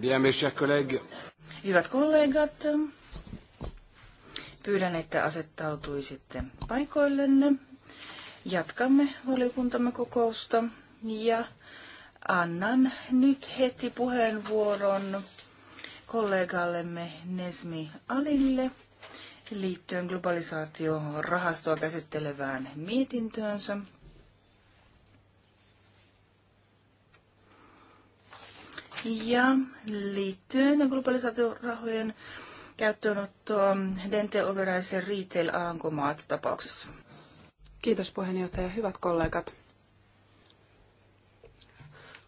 Bien, mes chers collègues. Hyvät kollegat, pyydän, että asettautuisitte paikoillenne. Jatkamme valiokuntamme kokousta ja annan nyt heti puheenvuoron kollegallemme Nesmi Alille liittyen globalisaatiorahastoa käsittelevään mietintöönsä. Ja liittyen globalisaatiorahojen käyttöönottoa Dente Overaisen Retail Aanko tapauksessa. Kiitos puheenjohtaja. Hyvät kollegat.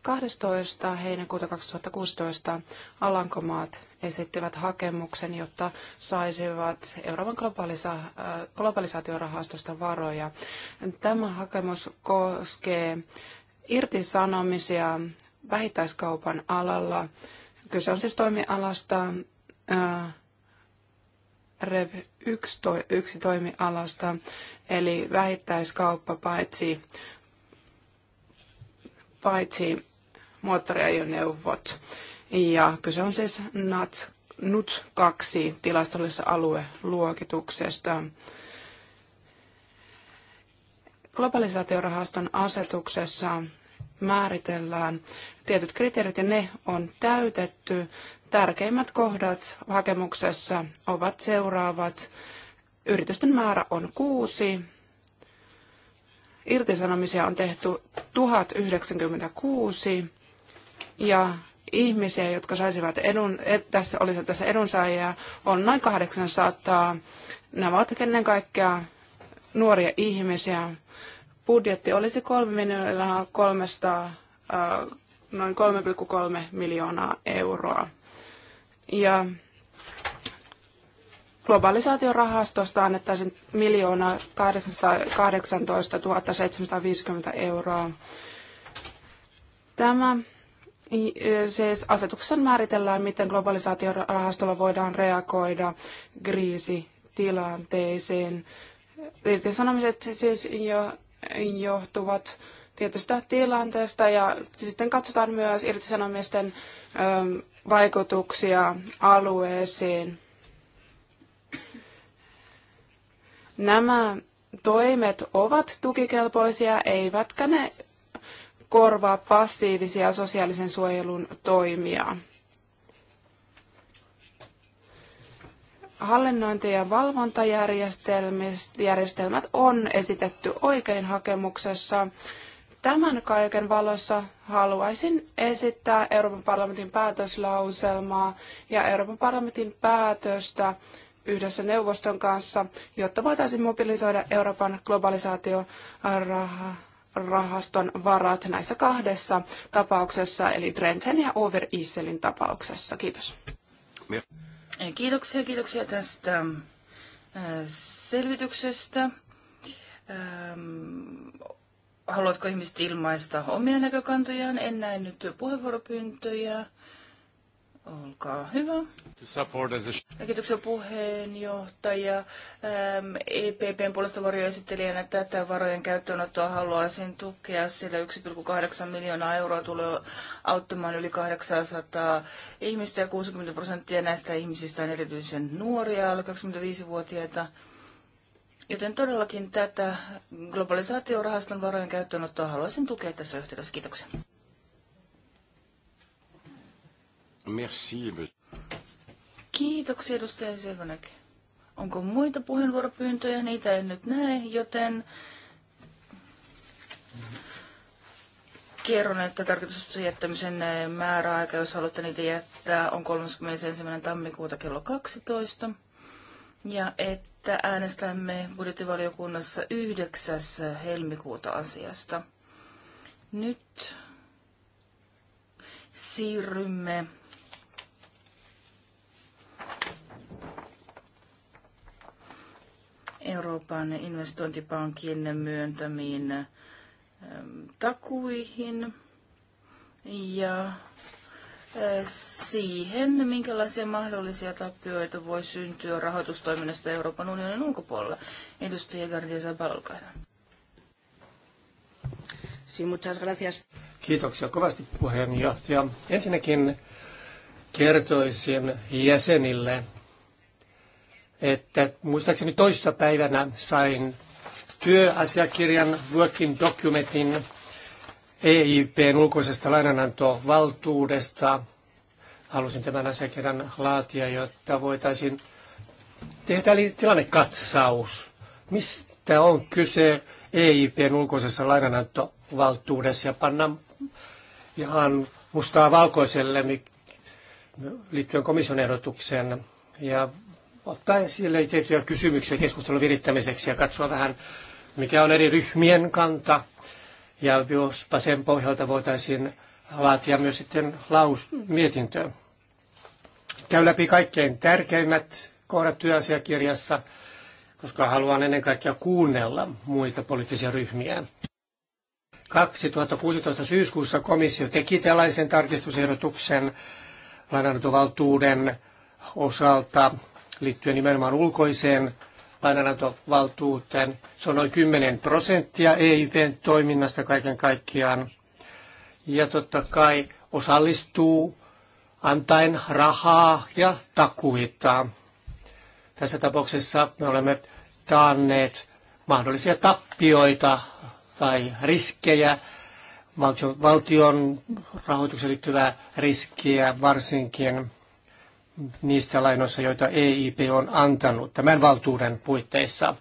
12. heinäkuuta 2016 Alankomaat esittivät hakemuksen, jotta saisivat Euroopan globalisa- äh, globalisaatiorahastosta varoja. Tämä hakemus koskee irtisanomisia vähittäiskaupan alalla. Kyse on siis toimialasta, ää, äh, REV 1, to, yksi toimialasta, eli vähittäiskauppa paitsi, paitsi moottoriajoneuvot. Ja kyse on siis NAT, NUT 2 tilastollisessa alueluokituksesta. Globalisaatiorahaston asetuksessa määritellään tietyt kriteerit ja ne on täytetty. Tärkeimmät kohdat hakemuksessa ovat seuraavat. Yritysten määrä on kuusi. Irtisanomisia on tehty 1096 ja ihmisiä, jotka saisivat edun, et, tässä olisi tässä edunsaajia, on noin 800. Nämä ovat ennen kaikkea nuoria ihmisiä budjetti olisi 3 miljoonaa 300, noin 3,3 miljoonaa euroa. Ja globalisaatiorahastosta annettaisiin miljoona 818 750 euroa. Tämä siis asetuksessa määritellään, miten globalisaatiorahastolla voidaan reagoida kriisitilanteisiin. Irtisanomiset siis jo johtuvat tietystä tilanteesta ja sitten katsotaan myös irtisanomisten vaikutuksia alueeseen. Nämä toimet ovat tukikelpoisia, eivätkä ne korvaa passiivisia sosiaalisen suojelun toimia. hallinnointi- ja valvontajärjestelmät on esitetty oikein hakemuksessa. Tämän kaiken valossa haluaisin esittää Euroopan parlamentin päätöslauselmaa ja Euroopan parlamentin päätöstä yhdessä neuvoston kanssa, jotta voitaisiin mobilisoida Euroopan globalisaatiorahaston varat näissä kahdessa tapauksessa, eli Drenten ja Over Iselin tapauksessa. Kiitos. Kiitoksia, kiitoksia tästä äh, selvityksestä. Ähm, haluatko ihmiset ilmaista omia näkökantojaan? En näe nyt puheenvuoropyyntöjä. Olkaa hyvä. Kiitoksia puheenjohtaja. EPPn puolesta varjoesittelijänä tätä varojen käyttöönottoa haluaisin tukea, sillä 1,8 miljoonaa euroa tulee auttamaan yli 800 ihmistä ja 60 prosenttia näistä ihmisistä on erityisen nuoria, alle 25-vuotiaita. Joten todellakin tätä globalisaatiorahaston varojen käyttöönottoa haluaisin tukea tässä yhteydessä. Kiitoksia. Merci. Kiitoksia edustaja Selvanek. Onko muita puheenvuoropyyntöjä? Niitä en nyt näe, joten kerron, että tarkoituksen jättämisen eh, määräaika, jos haluatte niitä jättää, on 31. tammikuuta kello 12. Ja että äänestämme budjettivaliokunnassa 9. helmikuuta asiasta. Nyt siirrymme Euroopan investointipankin myöntämiin ähm, takuihin ja äh, siihen, minkälaisia mahdollisia tappioita voi syntyä rahoitustoiminnasta Euroopan unionin ulkopuolella. Edustaja Gardia Balkaja. Sí, muchas gracias. Kiitoksia kovasti puheenjohtaja. Ensinnäkin kertoisin jäsenille että muistaakseni toista päivänä sain työasiakirjan working documentin EIPn ulkoisesta lainanantovaltuudesta. Halusin tämän asiakirjan laatia, jotta voitaisiin tehdä eli tilannekatsaus. Mistä on kyse EIPn ulkoisessa lainanantovaltuudessa ja panna ihan mustaa valkoiselle liittyen komission ehdotukseen. Ja ottaa esille tiettyjä kysymyksiä keskustelun virittämiseksi ja katsoa vähän, mikä on eri ryhmien kanta. Ja jospa sen pohjalta voitaisiin laatia myös sitten laus, mietintöä. Käy läpi kaikkein tärkeimmät kohdat työasiakirjassa, koska haluan ennen kaikkea kuunnella muita poliittisia ryhmiä. 2016 syyskuussa komissio teki tällaisen tarkistusehdotuksen lainanotovaltuuden osalta liittyen nimenomaan ulkoiseen lainanantovaltuuteen. Se on noin 10 prosenttia EIPn toiminnasta kaiken kaikkiaan. Ja totta kai osallistuu antaen rahaa ja takuita. Tässä tapauksessa me olemme taanneet mahdollisia tappioita tai riskejä, valtion rahoituksen liittyvää riskiä varsinkin niissä lainoissa, joita EIP on antanut tämän valtuuden puitteissa.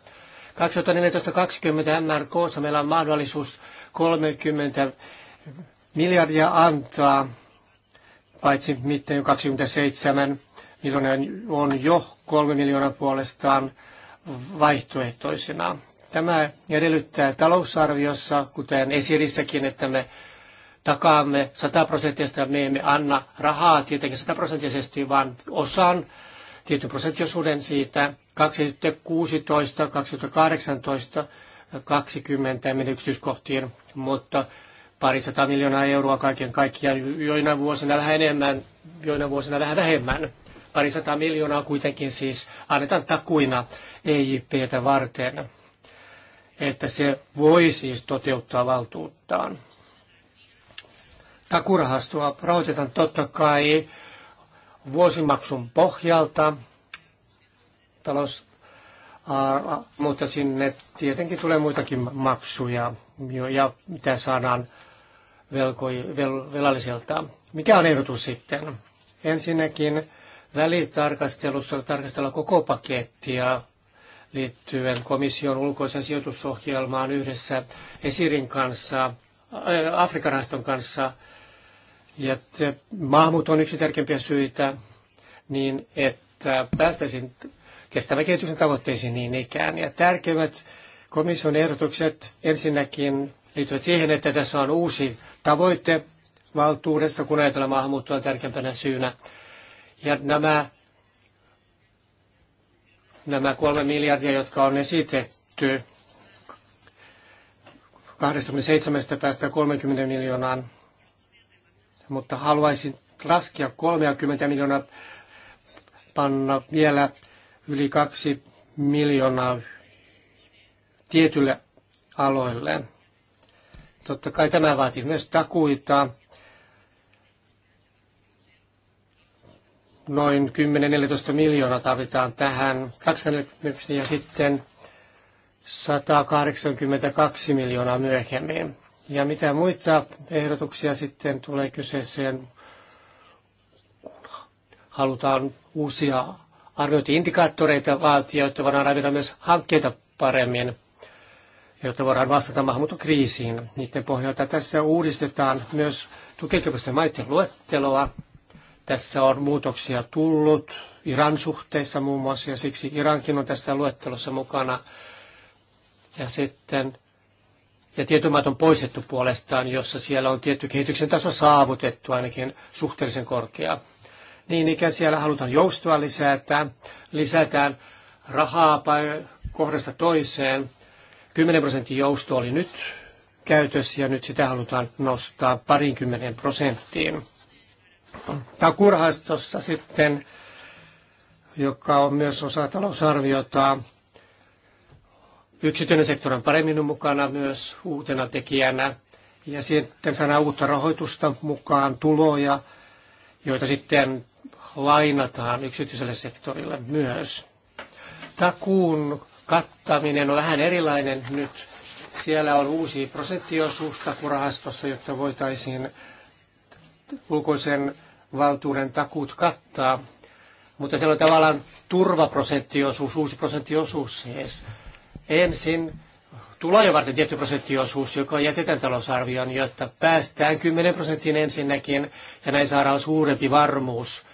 2014-2020 MRK meillä on mahdollisuus 30 miljardia antaa, paitsi miten 27 miljoonaa on jo 3 miljoonaa puolestaan vaihtoehtoisena. Tämä edellyttää talousarviossa, kuten esirissäkin, että me takaamme sataprosenttisesti, me emme anna rahaa tietenkin sataprosenttisesti, vaan osan tietyn prosenttiosuuden siitä 2016, 2018 ja 2020 meni yksityiskohtiin, mutta sata miljoonaa euroa kaiken kaikkiaan, joina vuosina vähän enemmän, joina vuosina vähän vähemmän. sata miljoonaa kuitenkin siis annetaan takuina EIPtä varten, että se voi siis toteuttaa valtuuttaan. Takurahastoa rahoitetaan totta kai vuosimaksun pohjalta, talous, mutta sinne tietenkin tulee muitakin maksuja, ja mitä saadaan velkoi, vel, velalliselta. Mikä on ehdotus sitten? Ensinnäkin välitarkastelussa tarkastella koko pakettia liittyen komission ulkoisen sijoitusohjelmaan yhdessä Esirin kanssa, Afrikan rahaston kanssa – ja maahanmuutto on yksi tärkeimpiä syitä, niin että päästäisiin kestävän kehityksen tavoitteisiin niin ikään. Ja tärkeimmät komission ehdotukset ensinnäkin liittyvät siihen, että tässä on uusi tavoite valtuudessa, kun ajatellaan maahanmuuttoa tärkeimpänä syynä. Ja nämä, nämä kolme miljardia, jotka on esitetty 27 päästä 30 miljoonaan mutta haluaisin laskea 30 miljoonaa, panna vielä yli 2 miljoonaa tietylle aloille. Totta kai tämä vaatii myös takuita. Noin 10-14 miljoonaa tarvitaan tähän. 24 ja sitten 182 miljoonaa myöhemmin. Ja mitä muita ehdotuksia sitten tulee kyseeseen, halutaan uusia arviointiindikaattoreita vaatia, jotta voidaan arvioida myös hankkeita paremmin, jotta voidaan vastata maahanmuuttokriisiin. Niiden pohjalta tässä uudistetaan myös tukikelpoisten maiden luetteloa. Tässä on muutoksia tullut Iran suhteessa muun muassa, ja siksi Irankin on tästä luettelossa mukana. Ja sitten ja tietomaat on poistettu puolestaan, jossa siellä on tietty kehityksen taso saavutettu ainakin suhteellisen korkea. Niin ikään siellä halutaan joustoa lisätä, lisätään rahaa kohdasta toiseen. 10 prosentin jousto oli nyt käytössä ja nyt sitä halutaan nostaa parinkymmeneen prosenttiin. Tämä Takurhastossa sitten, joka on myös osa talousarviota, Yksityinen sektori on paremmin mukana myös uutena tekijänä. Ja sitten saadaan uutta rahoitusta mukaan, tuloja, joita sitten lainataan yksityiselle sektorille myös. Takuun kattaminen on vähän erilainen nyt. Siellä on uusi prosenttiosuus takurahastossa, jotta voitaisiin ulkoisen valtuuden takuut kattaa. Mutta siellä on tavallaan turvaprosenttiosuus, uusi prosenttiosuus siis. Ensin tuloja varten tietty prosenttiosuus, joka jätetään talousarvioon, jotta päästään 10 prosenttiin ensinnäkin, ja näin saadaan suurempi varmuus.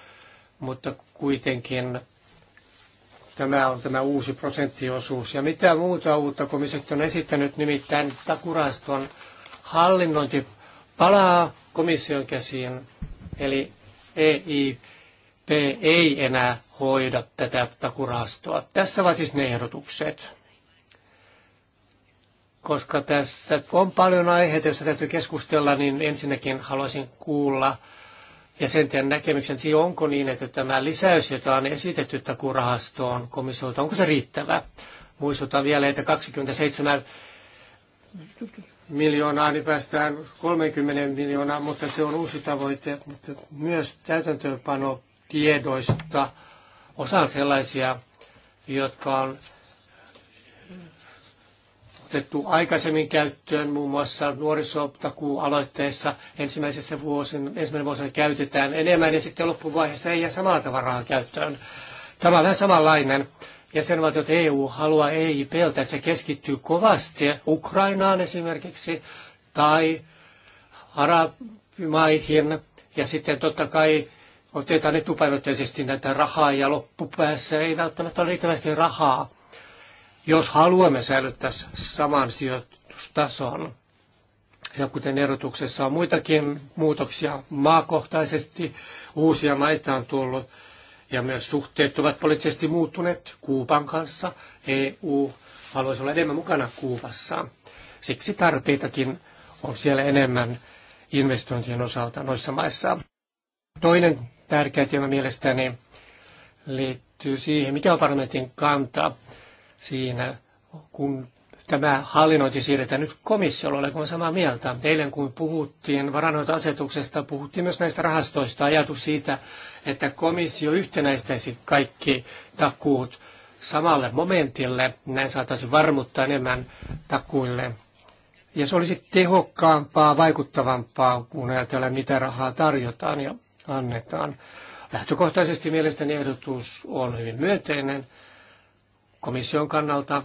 Mutta kuitenkin tämä on tämä uusi prosenttiosuus. Ja mitä muuta uutta komissiot on esittänyt, nimittäin takuraston hallinnointi palaa komission käsiin, eli EIP ei enää hoida tätä takurastoa. Tässä ovat siis ne ehdotukset koska tässä on paljon aiheita, joista täytyy keskustella, niin ensinnäkin haluaisin kuulla jäsenten näkemyksen siihen, onko niin, että tämä lisäys, jota on esitetty takurahastoon komissiolta, onko se riittävä? Muistutan vielä, että 27 miljoonaa, niin päästään 30 miljoonaa, mutta se on uusi tavoite, mutta myös täytäntöönpano tiedoista. Osa on sellaisia, jotka on otettu aikaisemmin käyttöön, muun muassa nuorisotakuu-aloitteessa ensimmäisessä vuosin ensimmäinen vuosina käytetään enemmän ja sitten loppuvaiheessa ei jää samalla tavalla rahaa käyttöön. Tämä on vähän samanlainen. Jäsenvaltiot EU haluaa EIPltä, että se keskittyy kovasti Ukrainaan esimerkiksi tai arabimaihin ja sitten totta kai otetaan etupainotteisesti näitä rahaa ja loppupäässä ei välttämättä ole riittävästi rahaa jos haluamme säilyttää saman sijoitustason, ja kuten erotuksessa on muitakin muutoksia maakohtaisesti, uusia maita on tullut, ja myös suhteet ovat poliittisesti muuttuneet Kuuban kanssa. EU haluaisi olla enemmän mukana Kuubassa. Siksi tarpeitakin on siellä enemmän investointien osalta noissa maissa. Toinen tärkeä teema mielestäni liittyy siihen, mikä on parlamentin kanta siinä, kun tämä hallinnointi siirretään nyt komissiolle, olenko samaa mieltä. Eilen kun puhuttiin varanoita-asetuksesta, puhuttiin myös näistä rahastoista, ajatus siitä, että komissio yhtenäistäisi kaikki takuut samalle momentille, näin saataisiin varmuutta enemmän takuille. Ja se olisi tehokkaampaa, vaikuttavampaa, kun ajatellaan, mitä rahaa tarjotaan ja annetaan. Lähtökohtaisesti mielestäni ehdotus on hyvin myönteinen – komission kannalta.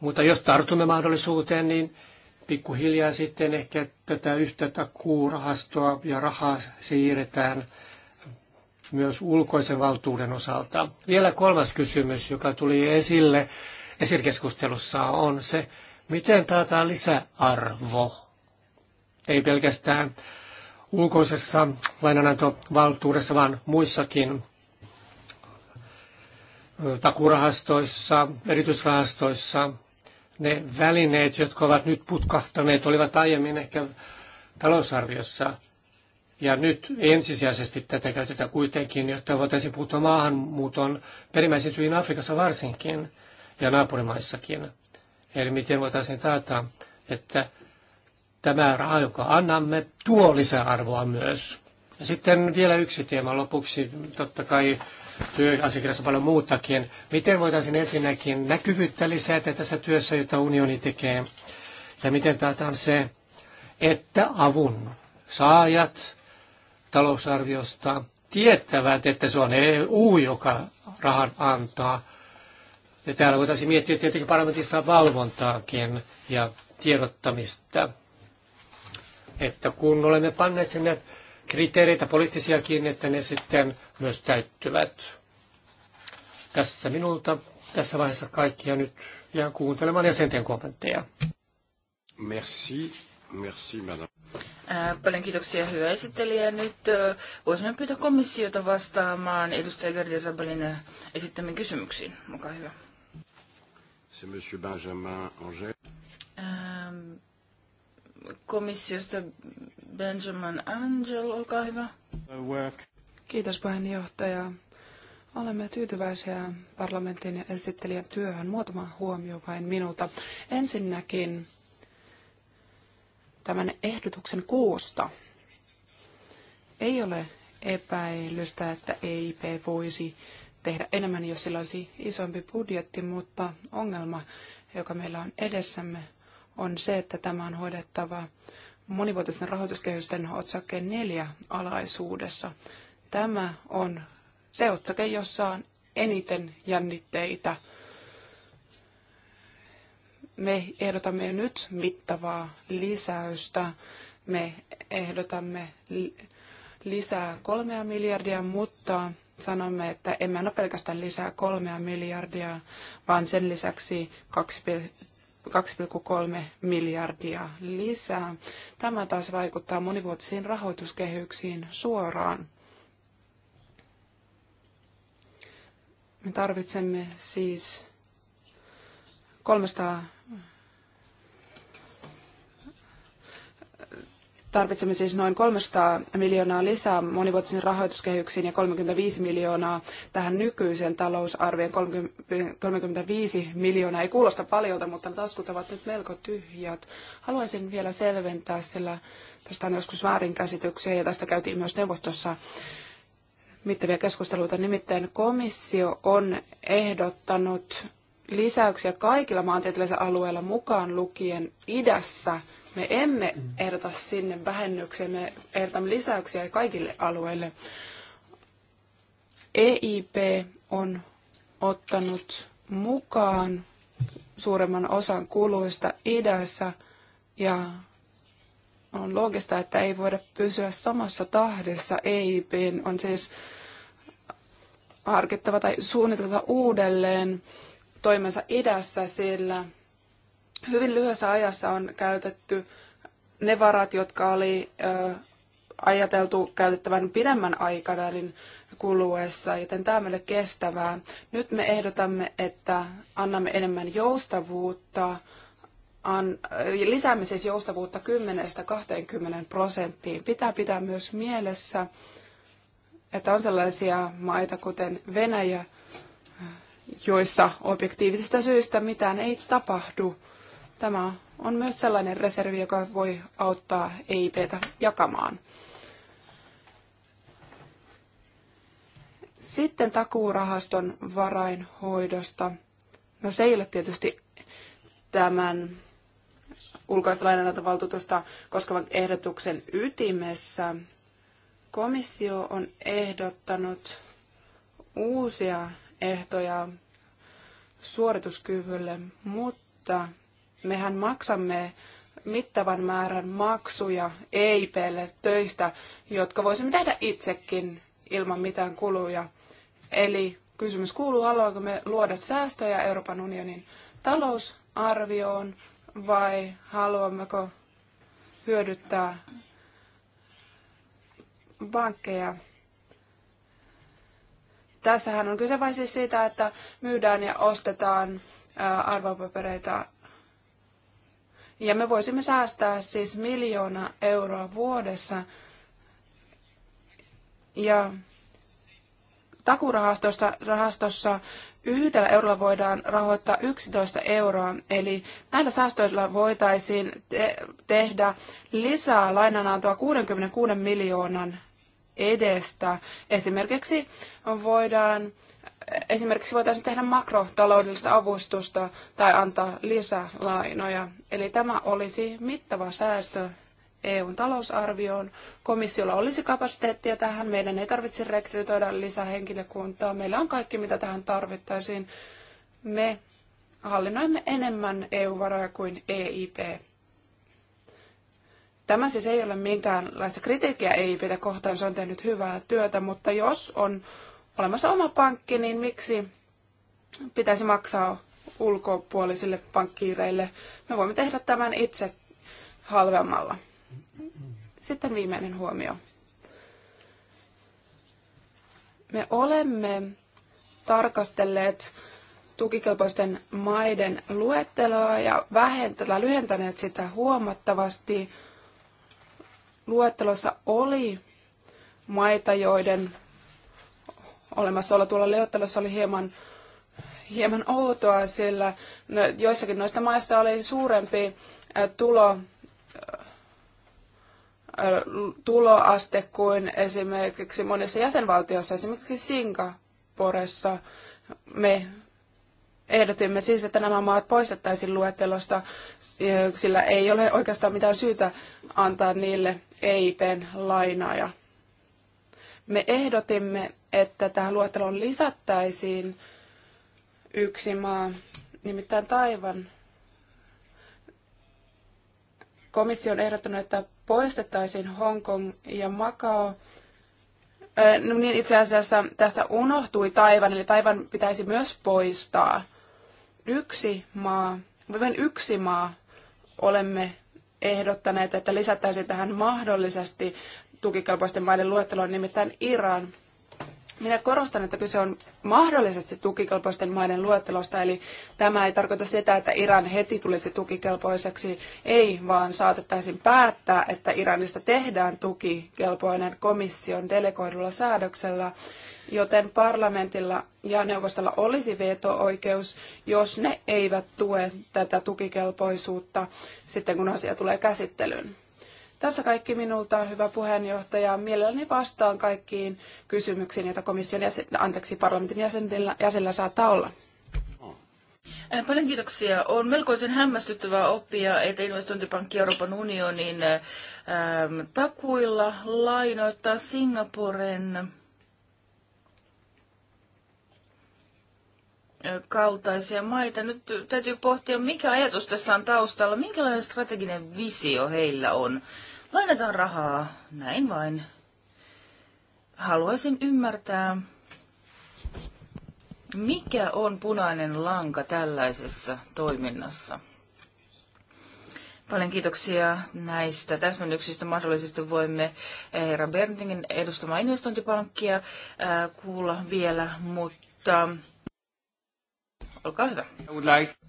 Mutta jos tartumme mahdollisuuteen, niin pikkuhiljaa sitten ehkä tätä yhtä takuurahastoa ja rahaa siirretään myös ulkoisen valtuuden osalta. Vielä kolmas kysymys, joka tuli esille esirkeskustelussa, on se, miten taataan lisäarvo. Ei pelkästään ulkoisessa lainanantovaltuudessa, vaan muissakin takurahastoissa, erityisrahastoissa. Ne välineet, jotka ovat nyt putkahtaneet, olivat aiemmin ehkä talousarviossa. Ja nyt ensisijaisesti tätä käytetään kuitenkin, jotta voitaisiin puuttua maahanmuuton perimmäisiin syihin Afrikassa varsinkin ja naapurimaissakin. Eli miten voitaisiin taata, että tämä raha, joka annamme, tuo lisäarvoa myös. Ja sitten vielä yksi teema lopuksi, totta kai työasiakirjassa paljon muutakin. Miten voitaisiin ensinnäkin näkyvyyttä lisätä tässä työssä, jota unioni tekee? Ja miten taataan se, että avun saajat talousarviosta tietävät, että se on EU, joka rahan antaa. Ja täällä voitaisiin miettiä tietenkin parlamentissa valvontaakin ja tiedottamista. Että kun olemme panneet sinne kriteereitä poliittisiakin, että ne sitten myös täyttyvät. Tässä minulta tässä vaiheessa kaikkia nyt jään kuuntelemaan jäsenten kommentteja. Merci. Merci, madame. Äh, paljon kiitoksia, hyvä esittelijä. Nyt äh, voisimme pyytää komissiota vastaamaan edustaja Gerdia Zabalin äh, esittämiin kysymyksiin. Olkaa hyvä. C'est monsieur Benjamin Angel. Ähm, komissiosta Benjamin Angel, olkaa hyvä. Work. Kiitos puheenjohtaja. Olemme tyytyväisiä parlamentin esittelijän työhön. Muutama huomio vain minulta. Ensinnäkin tämän ehdotuksen kuusta. Ei ole epäilystä, että EIP voisi tehdä enemmän, jos sillä olisi isompi budjetti, mutta ongelma, joka meillä on edessämme, on se, että tämä on hoidettava monivuotisten rahoituskehysten otsakkeen neljä alaisuudessa. Tämä on se otsake, jossa on eniten jännitteitä. Me ehdotamme nyt mittavaa lisäystä. Me ehdotamme lisää kolmea miljardia, mutta sanomme, että emme anna pelkästään lisää kolmea miljardia, vaan sen lisäksi 2,3 miljardia lisää. Tämä taas vaikuttaa monivuotisiin rahoituskehyksiin suoraan. Me tarvitsemme siis 300 Tarvitsemme siis noin 300 miljoonaa lisää monivuotisiin rahoituskehyksiin ja 35 miljoonaa tähän nykyiseen talousarvioon. 35 miljoonaa ei kuulosta paljolta, mutta taskut ovat nyt melko tyhjät. Haluaisin vielä selventää, sillä tästä on joskus väärinkäsityksiä ja tästä käytiin myös neuvostossa mittavia keskusteluita. Nimittäin komissio on ehdottanut lisäyksiä kaikilla maantieteellisillä alueilla mukaan lukien idässä. Me emme ehdota sinne vähennyksiä, me ehdotamme lisäyksiä kaikille alueille. EIP on ottanut mukaan suuremman osan kuluista idässä ja on loogista, että ei voida pysyä samassa tahdissa. EIP on siis harkittava tai suunniteltava uudelleen toimensa idässä, sillä hyvin lyhyessä ajassa on käytetty ne varat, jotka oli ajateltu käytettävän pidemmän aikavälin kuluessa, joten tämä on meille kestävää. Nyt me ehdotamme, että annamme enemmän joustavuutta, an, lisäämme siis joustavuutta 10-20 prosenttiin. Pitää pitää myös mielessä, että on sellaisia maita, kuten Venäjä, joissa objektiivisista syistä mitään ei tapahdu. Tämä on myös sellainen reservi, joka voi auttaa EIPtä jakamaan. Sitten takuurahaston varainhoidosta. No se ei ole tietysti tämän ulkoista lainanantovaltuutusta koskevan ehdotuksen ytimessä, Komissio on ehdottanut uusia ehtoja suorituskyvylle, mutta mehän maksamme mittavan määrän maksuja EIPlle töistä, jotka voisimme tehdä itsekin ilman mitään kuluja. Eli kysymys kuuluu, haluaako me luoda säästöjä Euroopan unionin talousarvioon vai haluammeko hyödyttää pankkeja. Tässähän on kyse vain siis siitä, että myydään ja ostetaan arvopapereita. Ja me voisimme säästää siis miljoona euroa vuodessa. Ja takurahastossa yhdellä eurolla voidaan rahoittaa 11 euroa, eli näillä säästöillä voitaisiin te- tehdä lisää lainanantoa 66 miljoonan edestä. Esimerkiksi voidaan Esimerkiksi voitaisiin tehdä makrotaloudellista avustusta tai antaa lisälainoja. Eli tämä olisi mittava säästö EUn talousarvioon. Komissiolla olisi kapasiteettia tähän. Meidän ei tarvitse rekrytoida lisää henkilökuntaa. Meillä on kaikki, mitä tähän tarvittaisiin. Me hallinnoimme enemmän EU-varoja kuin EIP. Tämä siis ei ole minkäänlaista kritiikkiä EIPtä kohtaan, se on tehnyt hyvää työtä, mutta jos on olemassa oma pankki, niin miksi pitäisi maksaa ulkopuolisille pankkiireille? Me voimme tehdä tämän itse halvemmalla. Sitten viimeinen huomio. Me olemme tarkastelleet tukikelpoisten maiden luetteloa ja vähentä, lyhentäneet sitä huomattavasti. Luettelossa oli maita, joiden olemassaolo tuolla luettelossa oli hieman, hieman outoa, sillä no, joissakin noista maista oli suurempi tulo tuloaste kuin esimerkiksi monissa jäsenvaltioissa, esimerkiksi Singaporessa. Me ehdotimme siis, että nämä maat poistettaisiin luettelosta, sillä ei ole oikeastaan mitään syytä antaa niille EIPn lainoja. Me ehdotimme, että tähän luetteloon lisättäisiin yksi maa, nimittäin Taivan. Komissio on ehdottanut, että poistettaisiin Hong Kong ja Macao. No niin, itse asiassa tästä unohtui Taivan, eli Taivan pitäisi myös poistaa. Yksi maa, vain yksi maa olemme ehdottaneet, että lisättäisiin tähän mahdollisesti tukikelpoisten maiden luetteloon, nimittäin Iran. Minä korostan, että kyse on mahdollisesti tukikelpoisten maiden luettelosta, eli tämä ei tarkoita sitä, että Iran heti tulisi tukikelpoiseksi, ei, vaan saatettaisiin päättää, että Iranista tehdään tukikelpoinen komission delegoidulla säädöksellä, joten parlamentilla ja neuvostolla olisi veto-oikeus, jos ne eivät tue tätä tukikelpoisuutta sitten, kun asia tulee käsittelyyn. Tässä kaikki minulta, hyvä puheenjohtaja. Mielelläni vastaan kaikkiin kysymyksiin, joita komission jäsen, anteeksi, parlamentin jäsenillä, jäsenillä saattaa olla. Paljon kiitoksia. On melkoisen hämmästyttävää oppia, että investointipankki Euroopan unionin äm, takuilla lainoittaa Singaporen kaltaisia maita. Nyt täytyy pohtia, mikä ajatus tässä on taustalla, minkälainen strateginen visio heillä on lainataan rahaa, näin vain. Haluaisin ymmärtää, mikä on punainen lanka tällaisessa toiminnassa. Paljon kiitoksia näistä täsmennyksistä. Mahdollisesti voimme eh, herra Berntingin edustamaa investointipankkia eh, kuulla vielä, mutta olkaa hyvä.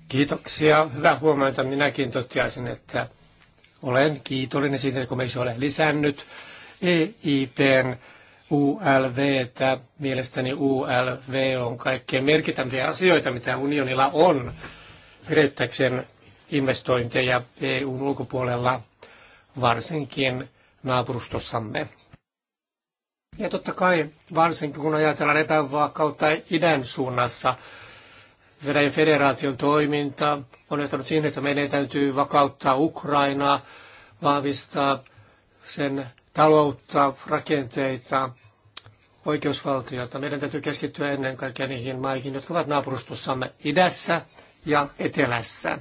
Kiitoksia. Hyvää huomenta. Minäkin toteaisin, että olen kiitollinen siitä, että komissio on lisännyt EIPn ULV, -tä. mielestäni ULV on kaikkein merkittäviä asioita, mitä unionilla on virettäkseen investointeja EUn ulkopuolella, varsinkin naapurustossamme. Ja totta kai, varsinkin kun ajatellaan epävakautta idän suunnassa, Venäjän federaation toiminta on johtanut siihen, että meidän täytyy vakauttaa Ukrainaa, vahvistaa sen taloutta, rakenteita, oikeusvaltiota. Meidän täytyy keskittyä ennen kaikkea niihin maihin, jotka ovat naapurustussamme idässä ja etelässä.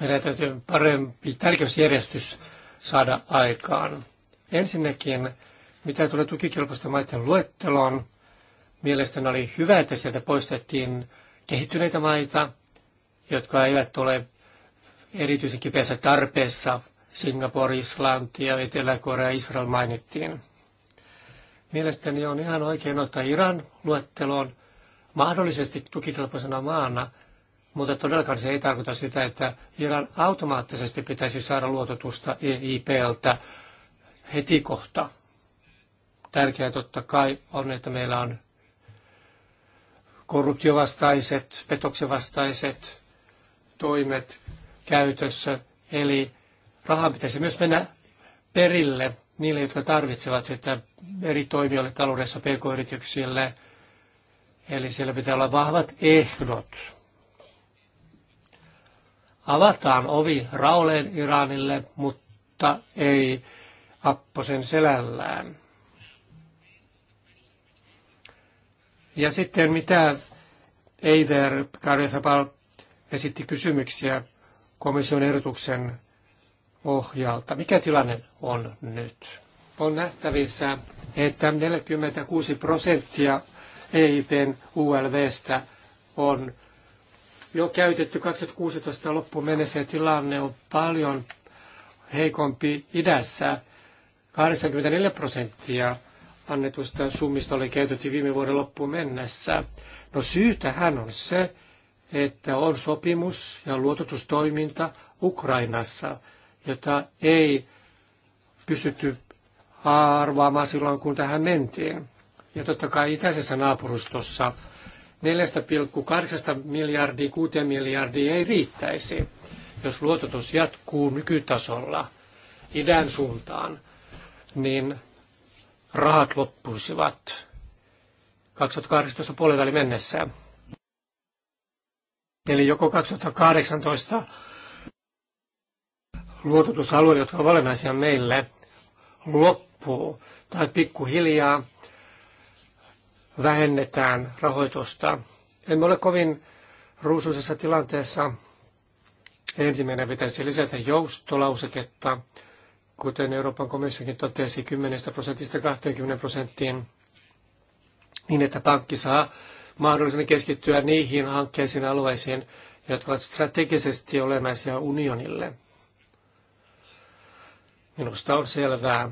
Meidän täytyy parempi tärkeysjärjestys saada aikaan. Ensinnäkin, mitä tulee tukikelpoisten maiden luetteloon, Mielestäni oli hyvä, että sieltä poistettiin kehittyneitä maita, jotka eivät ole erityisen kipeässä tarpeessa. Singapore, Islanti ja Etelä-Korea Israel mainittiin. Mielestäni on ihan oikein ottaa Iran luetteloon mahdollisesti tukikelpoisena maana, mutta todellakaan se ei tarkoita sitä, että Iran automaattisesti pitäisi saada luototusta EIPltä heti kohta. Tärkeää totta kai on, että meillä on korruptiovastaiset, petoksevastaiset toimet käytössä. Eli raha pitäisi myös mennä perille niille, jotka tarvitsevat sitä eri toimijoille taloudessa, pk-yrityksille. Eli siellä pitää olla vahvat ehdot. Avataan ovi rauleen Iranille, mutta ei apposen selällään. Ja sitten mitä Eider Karjafal esitti kysymyksiä komission ehdotuksen ohjalta. Mikä tilanne on nyt? On nähtävissä, että 46 prosenttia EIPn ULVstä on jo käytetty 2016 loppuun mennessä ja tilanne on paljon heikompi idässä. 84 prosenttia annetusta summista oli käytetty viime vuoden loppuun mennessä. No syytähän on se, että on sopimus ja luototustoiminta Ukrainassa, jota ei pystytty arvaamaan silloin, kun tähän mentiin. Ja totta kai itäisessä naapurustossa 4,8 miljardia 6 miljardia ei riittäisi, jos luototus jatkuu nykytasolla idän suuntaan, niin rahat loppuisivat 2018 puoliväli mennessä. Eli joko 2018 luototusalue, jotka ovat valinnaisia meille, loppuu tai pikkuhiljaa vähennetään rahoitusta. Emme ole kovin ruusuisessa tilanteessa. Ensimmäinen pitäisi lisätä joustolauseketta kuten Euroopan komissiokin totesi, 10 prosentista 20 prosenttiin, niin että pankki saa mahdollisuuden keskittyä niihin hankkeisiin alueisiin, jotka ovat strategisesti olennaisia unionille. Minusta on selvää,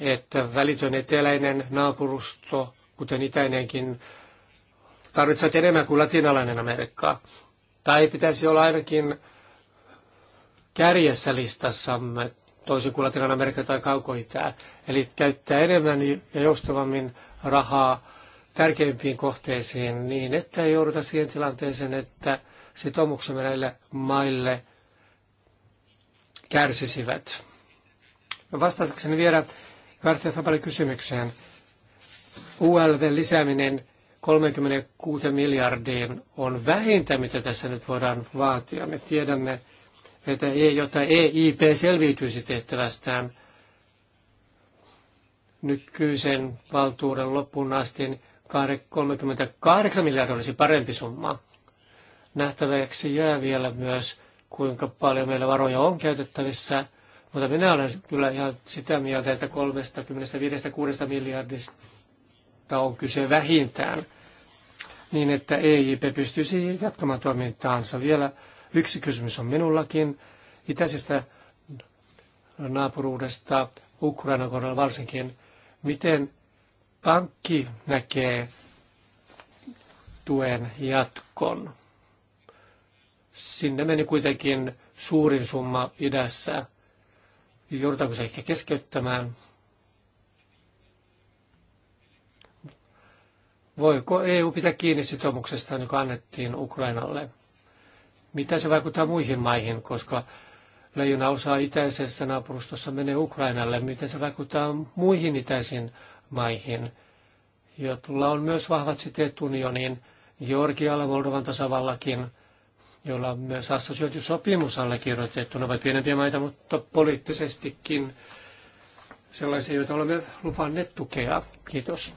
että välitön eteläinen naapurusto, kuten itäinenkin, tarvitsevat enemmän kuin latinalainen Amerikka. Tai pitäisi olla ainakin kärjessä listassamme toisin kuin Latinalamerikka tai Kaukoitää. Eli käyttää enemmän ja joustavammin rahaa tärkeimpiin kohteisiin niin, että ei jouduta siihen tilanteeseen, että sitoumuksemme näille maille kärsisivät. Vastatakseni vielä Kartia Tapalin kysymykseen. ULV lisääminen 36 miljardiin on vähintä, mitä tässä nyt voidaan vaatia. Me tiedämme, että e, jotta EIP selviytyisi tehtävästään nykyisen valtuuden loppuun asti, 38 niin miljardia olisi parempi summa. Nähtäväksi jää vielä myös, kuinka paljon meillä varoja on käytettävissä, mutta minä olen kyllä ihan sitä mieltä, että 35-6 miljardista on kyse vähintään, niin että EIP pystyisi jatkamaan toimintaansa vielä Yksi kysymys on minullakin itäisestä naapuruudesta, Ukrainan kohdalla varsinkin, miten pankki näkee tuen jatkon. Sinne meni kuitenkin suurin summa idässä. Joudutaanko se ehkä keskeyttämään? Voiko EU pitää kiinni sitoumuksesta, joka annettiin Ukrainalle? mitä se vaikuttaa muihin maihin, koska leijona osa itäisessä naapurustossa menee Ukrainalle, miten se vaikuttaa muihin itäisiin maihin, joilla on myös vahvat siteet unioniin, Georgialla, Moldovan tasavallakin, joilla on myös assosiointisopimus allekirjoitettu. Ne ovat pienempiä maita, mutta poliittisestikin sellaisia, joita olemme lupanneet tukea. Kiitos.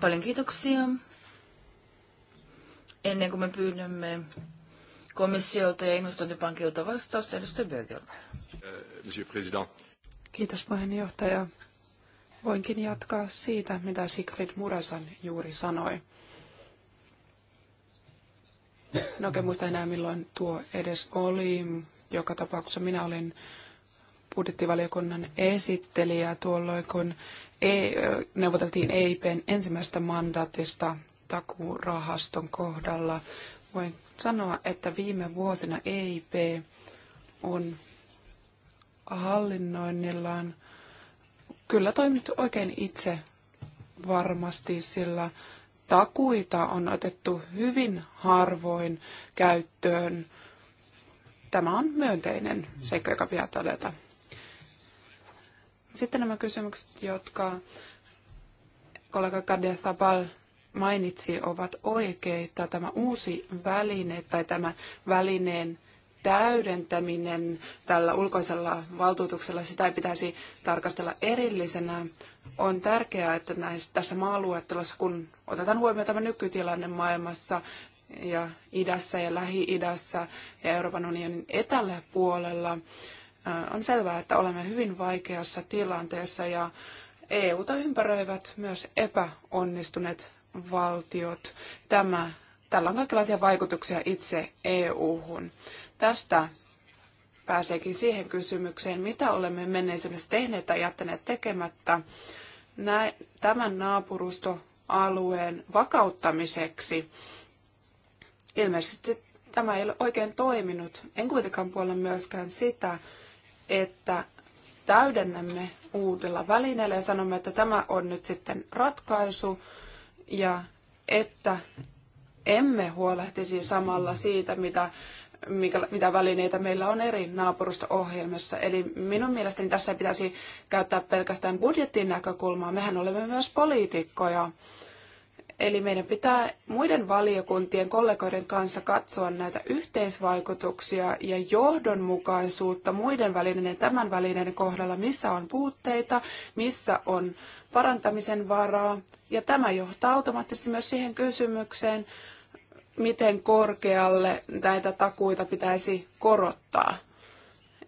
Paljon kiitoksia ennen kuin me pyydämme komissiolta ja investointipankilta vastausta. Edustaja Bögel. Eh, Kiitos puheenjohtaja. Voinkin jatkaa siitä, mitä Sigrid Murasan juuri sanoi. No, en oikein muista enää, milloin tuo edes oli. Joka tapauksessa minä olin budjettivaliokunnan esittelijä tuolloin, kun e- neuvoteltiin EIPn ensimmäistä mandaatista takuurahaston kohdalla voin sanoa, että viime vuosina EIP on hallinnoinnillaan kyllä toiminut oikein itse varmasti, sillä takuita on otettu hyvin harvoin käyttöön. Tämä on myönteinen seikka, joka pitää todeta. Sitten nämä kysymykset, jotka kollega Kadia Zabal mainitsi, ovat oikeita. Tämä uusi väline tai tämän välineen täydentäminen tällä ulkoisella valtuutuksella, sitä ei pitäisi tarkastella erillisenä. On tärkeää, että näissä, tässä maaluettelossa, kun otetaan huomioon tämä nykytilanne maailmassa ja idässä ja lähi-idässä ja Euroopan unionin etällä puolella, äh, on selvää, että olemme hyvin vaikeassa tilanteessa ja EUta ympäröivät myös epäonnistuneet valtiot. Tämä, tällä on kaikenlaisia vaikutuksia itse EU-hun. Tästä pääseekin siihen kysymykseen, mitä olemme menneisyydessä tehneet tai jättäneet tekemättä näin, tämän naapurustoalueen vakauttamiseksi. Ilmeisesti tämä ei ole oikein toiminut. En kuitenkaan puolella myöskään sitä, että täydennämme uudella välineellä ja sanomme, että tämä on nyt sitten ratkaisu ja että emme huolehtisi samalla siitä, mitä, mikä, mitä välineitä meillä on eri naapurusto-ohjelmissa. Eli minun mielestäni tässä ei pitäisi käyttää pelkästään budjettin näkökulmaa. Mehän olemme myös poliitikkoja. Eli meidän pitää muiden valiokuntien kollegoiden kanssa katsoa näitä yhteisvaikutuksia ja johdonmukaisuutta muiden välineiden tämän välineiden kohdalla, missä on puutteita, missä on parantamisen varaa. Ja tämä johtaa automaattisesti myös siihen kysymykseen, miten korkealle näitä takuita pitäisi korottaa.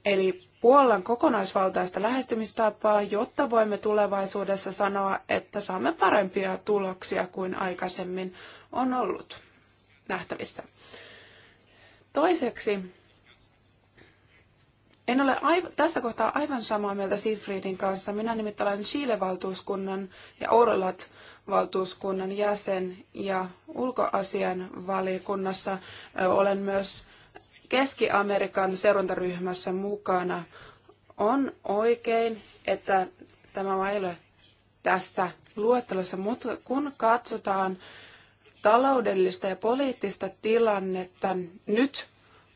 Eli Puolan kokonaisvaltaista lähestymistapaa, jotta voimme tulevaisuudessa sanoa, että saamme parempia tuloksia kuin aikaisemmin on ollut nähtävissä. Toiseksi, en ole aiv- tässä kohtaa aivan samaa mieltä Siegfriedin kanssa. Minä nimittäin olen Chile-valtuuskunnan ja Ourelat-valtuuskunnan jäsen ja ulkoasian valikunnassa olen myös Keski-Amerikan seurantaryhmässä mukana. On oikein, että tämä ei ole tässä luettelossa, mutta kun katsotaan taloudellista ja poliittista tilannetta nyt,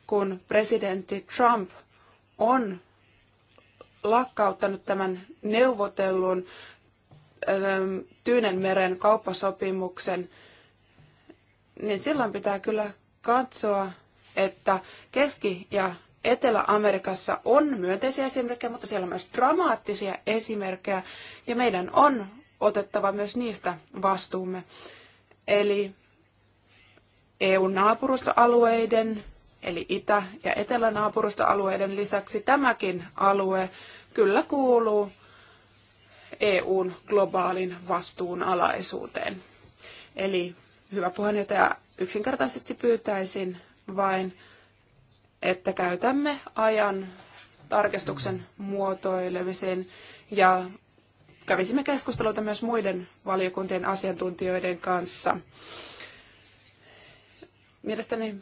kun presidentti Trump on lakkauttanut tämän neuvotellun ähm, Tyynenmeren kauppasopimuksen, niin silloin pitää kyllä katsoa, että Keski- ja Etelä-Amerikassa on myönteisiä esimerkkejä, mutta siellä on myös dramaattisia esimerkkejä, ja meidän on otettava myös niistä vastuumme. Eli EU-naapurustoalueiden, eli Itä- ja Etelänaapurustoalueiden lisäksi tämäkin alue kyllä kuuluu EUn globaalin vastuun alaisuuteen. Eli hyvä puheenjohtaja, yksinkertaisesti pyytäisin vain että käytämme ajan tarkistuksen muotoilemiseen ja kävisimme keskusteluita myös muiden valiokuntien asiantuntijoiden kanssa. Mielestäni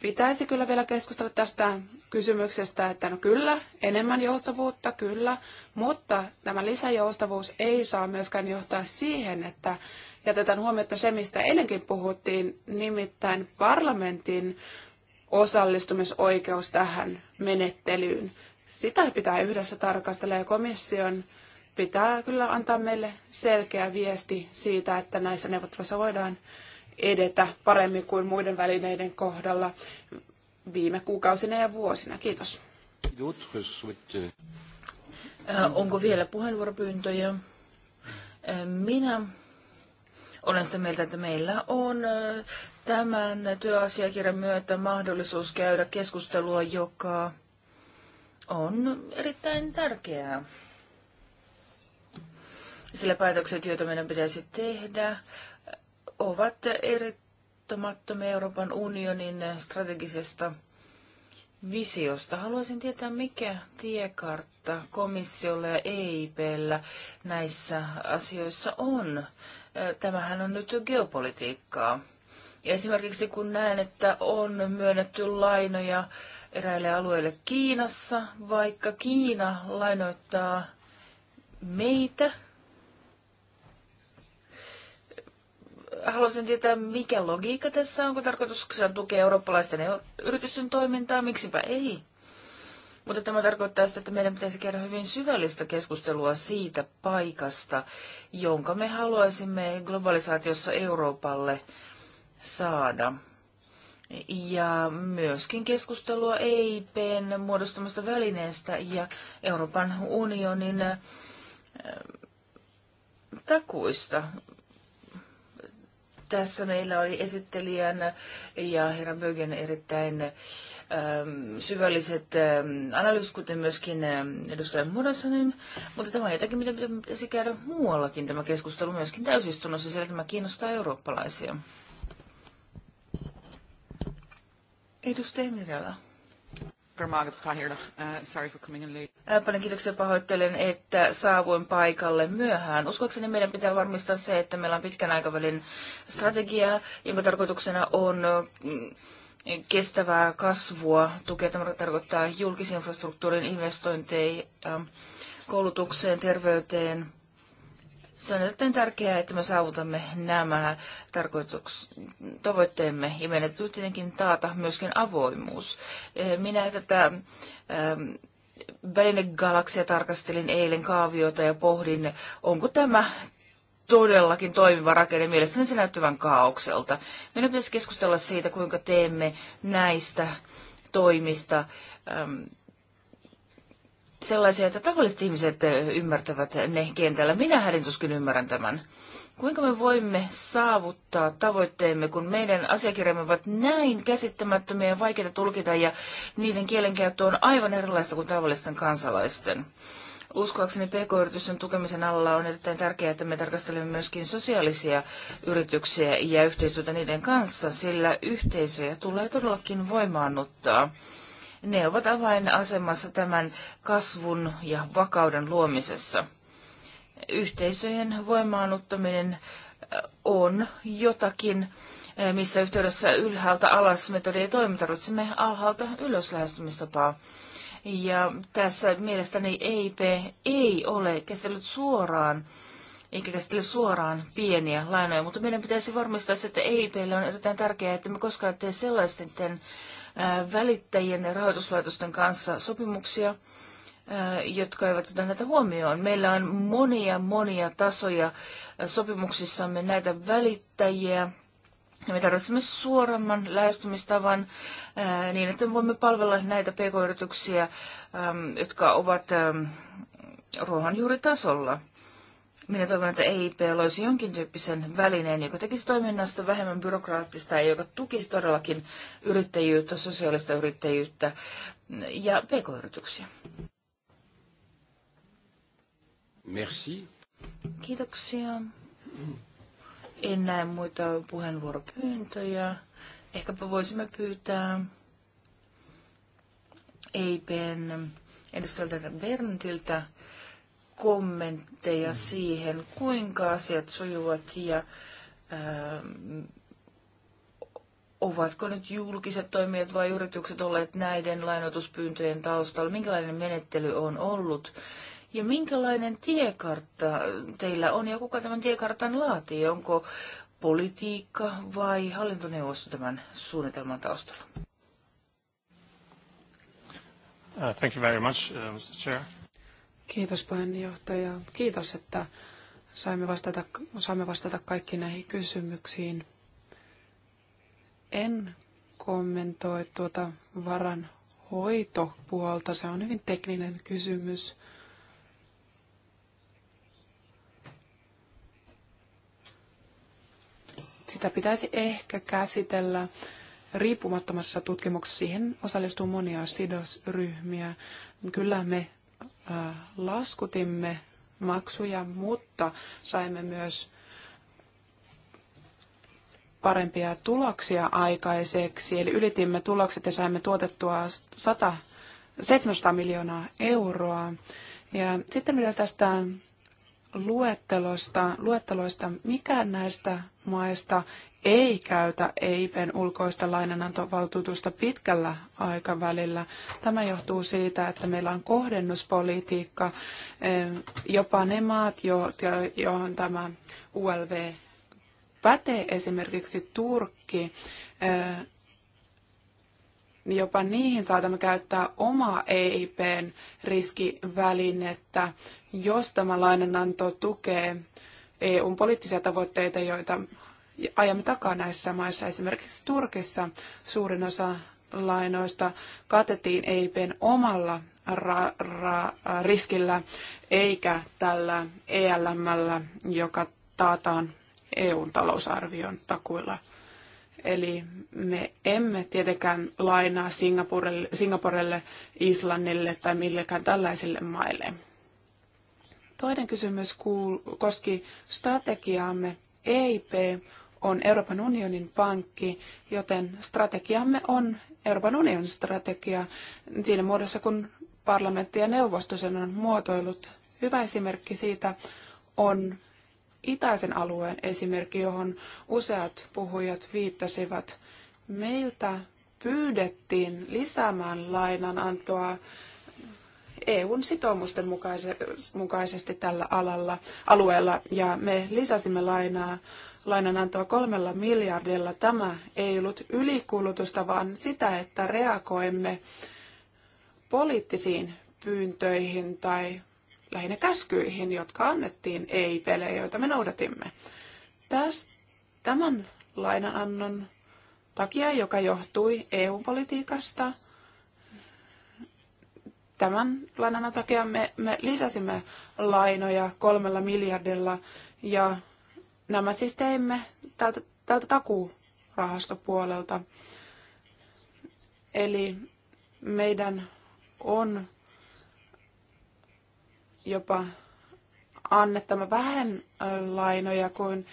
pitäisi kyllä vielä keskustella tästä kysymyksestä, että no kyllä, enemmän joustavuutta, kyllä, mutta tämä lisäjoustavuus ei saa myöskään johtaa siihen, että jätetään huomiota se, mistä ennenkin puhuttiin, nimittäin parlamentin osallistumisoikeus tähän menettelyyn. Sitä pitää yhdessä tarkastella ja komission pitää kyllä antaa meille selkeä viesti siitä, että näissä neuvotteluissa voidaan edetä paremmin kuin muiden välineiden kohdalla viime kuukausina ja vuosina. Kiitos. Äh, onko vielä puheenvuoropyyntöjä? Äh, minä olen sitä mieltä, että meillä on äh, tämän työasiakirjan myötä mahdollisuus käydä keskustelua, joka on erittäin tärkeää. Sillä päätökset, joita meidän pitäisi tehdä, ovat erittomattomia Euroopan unionin strategisesta visiosta. Haluaisin tietää, mikä tiekartta komissiolla ja EIPllä näissä asioissa on. Tämähän on nyt geopolitiikkaa. Esimerkiksi kun näen, että on myönnetty lainoja eräille alueille Kiinassa, vaikka Kiina lainoittaa meitä, haluaisin tietää, mikä logiikka tässä on. Onko tarkoitus tukea eurooppalaisten e- yritysten toimintaa? Miksipä ei? Mutta tämä tarkoittaa sitä, että meidän pitäisi käydä hyvin syvällistä keskustelua siitä paikasta, jonka me haluaisimme globalisaatiossa Euroopalle saada. Ja myöskin keskustelua EIPn muodostamasta välineestä ja Euroopan unionin äh, takuista. Tässä meillä oli esittelijän ja herra Bögen erittäin ähm, syvälliset ähm, analyysit, kuten myöskin ähm, edustaja Mudasanen, mutta tämä on jotakin, mitä pitäisi käydä muuallakin tämä keskustelu myöskin täysistunnossa, sillä tämä kiinnostaa eurooppalaisia. Edustaja Mirjala. Eh, paljon kiitoksia pahoittelen, että saavuin paikalle myöhään. Uskoakseni meidän pitää varmistaa se, että meillä on pitkän aikavälin strategia, jonka tarkoituksena on mm, kestävää kasvua tukea. Tämä tarkoittaa julkisinfrastruktuurin investointeja, koulutukseen, terveyteen, se on erittäin tärkeää, että me saavutamme nämä tarkoituks- tavoitteemme ja meidän täytyy tietenkin taata myöskin avoimuus. Eh, minä tätä ähm, välinegalaksia tarkastelin eilen kaaviota ja pohdin, onko tämä todellakin toimiva rakenne. Mielestäni se näyttävän kaaukselta. Meidän pitäisi keskustella siitä, kuinka teemme näistä toimista ähm, sellaisia, että tavalliset ihmiset ymmärtävät ne kentällä. Minä hädin tuskin ymmärrän tämän. Kuinka me voimme saavuttaa tavoitteemme, kun meidän asiakirjamme ovat näin käsittämättömiä ja vaikeita tulkita ja niiden kielenkäyttö on aivan erilaista kuin tavallisten kansalaisten? Uskoakseni pk-yritysten tukemisen alla on erittäin tärkeää, että me tarkastelemme myöskin sosiaalisia yrityksiä ja yhteistyötä niiden kanssa, sillä yhteisöjä tulee todellakin voimaannuttaa. Ne ovat avainasemassa tämän kasvun ja vakauden luomisessa. Yhteisöjen voimaanuttaminen äh, on jotakin, äh, missä yhteydessä ylhäältä alas metodi ei toimi. Tarvitsemme alhaalta ylös lähestymistapaa. Ja tässä mielestäni EIP ei ole käsitellyt suoraan eikä käsitellyt suoraan pieniä lainoja, mutta meidän pitäisi varmistaa että EIPlle on erittäin tärkeää, että me koskaan tee sellaisten välittäjien ja rahoituslaitosten kanssa sopimuksia, jotka eivät ota näitä huomioon. Meillä on monia, monia tasoja sopimuksissamme näitä välittäjiä, me tarvitsemme suoramman lähestymistavan niin, että me voimme palvella näitä pk-yrityksiä, jotka ovat ruohonjuuritasolla. Minä toivon, että EIP olisi jonkin tyyppisen välineen, joka tekisi toiminnasta vähemmän byrokraattista ja joka tukisi todellakin yrittäjyyttä, sosiaalista yrittäjyyttä ja pk-yrityksiä. Merci. Kiitoksia. En näe muita puheenvuoropyyntöjä. Ehkäpä voisimme pyytää EIPn edustajalta Berntiltä kommentteja siihen, kuinka asiat sujuvat ja ää, ähm, ovatko nyt julkiset toimijat vai yritykset olleet näiden lainoituspyyntöjen taustalla, minkälainen menettely on ollut ja minkälainen tiekartta teillä on ja kuka tämän tiekartan laatii? Onko politiikka vai hallintoneuvosto tämän suunnitelman taustalla? Uh, thank you very much, uh, Mr. Chair. Kiitos puheenjohtaja. Kiitos, että saimme vastata, saimme vastata kaikki näihin kysymyksiin. En kommentoi tuota varan hoitopuolta. Se on hyvin tekninen kysymys. Sitä pitäisi ehkä käsitellä riippumattomassa tutkimuksessa. Siihen osallistuu monia sidosryhmiä. Kyllä me Äh, laskutimme maksuja, mutta saimme myös parempia tuloksia aikaiseksi. Eli ylitimme tulokset ja saimme tuotettua 100, 700 miljoonaa euroa. Ja sitten vielä tästä luetteloista, luetteloista, mikä näistä maista ei käytä EIPen ulkoista lainanantovaltuutusta pitkällä aikavälillä. Tämä johtuu siitä, että meillä on kohdennuspolitiikka. Jopa ne maat, joihin tämä ULV pätee, esimerkiksi Turkki, jopa niihin saatamme käyttää omaa EIPn riskivälinettä, jos tämä lainananto tukee EUn poliittisia tavoitteita, joita ajamme takaa näissä maissa. Esimerkiksi Turkissa suurin osa lainoista katettiin EIPn omalla ra- ra- riskillä eikä tällä ELMllä, joka taataan EUn talousarvion takuilla. Eli me emme tietenkään lainaa Singapurelle, Singaporelle, Islannille tai millekään tällaisille maille. Toinen kysymys kuul- koski strategiaamme. EIP on Euroopan unionin pankki, joten strategiamme on Euroopan unionin strategia siinä muodossa, kun parlamentti ja neuvosto sen on muotoillut. Hyvä esimerkki siitä on itäisen alueen esimerkki, johon useat puhujat viittasivat. Meiltä pyydettiin lisäämään lainanantoa EUn sitoumusten mukaisesti tällä alalla, alueella ja me lisäsimme lainaa lainanantoa kolmella miljardilla. Tämä ei ollut ylikulutusta, vaan sitä, että reagoimme poliittisiin pyyntöihin tai lähinnä käskyihin, jotka annettiin EIPlle, joita me noudatimme. tämän lainanannon takia, joka johtui EU-politiikasta, tämän lainan takia me, me lisäsimme lainoja kolmella miljardilla ja Nämä siis teimme täältä, täältä takuurahastopuolelta. Eli meidän on jopa annettava vähän lainoja kuin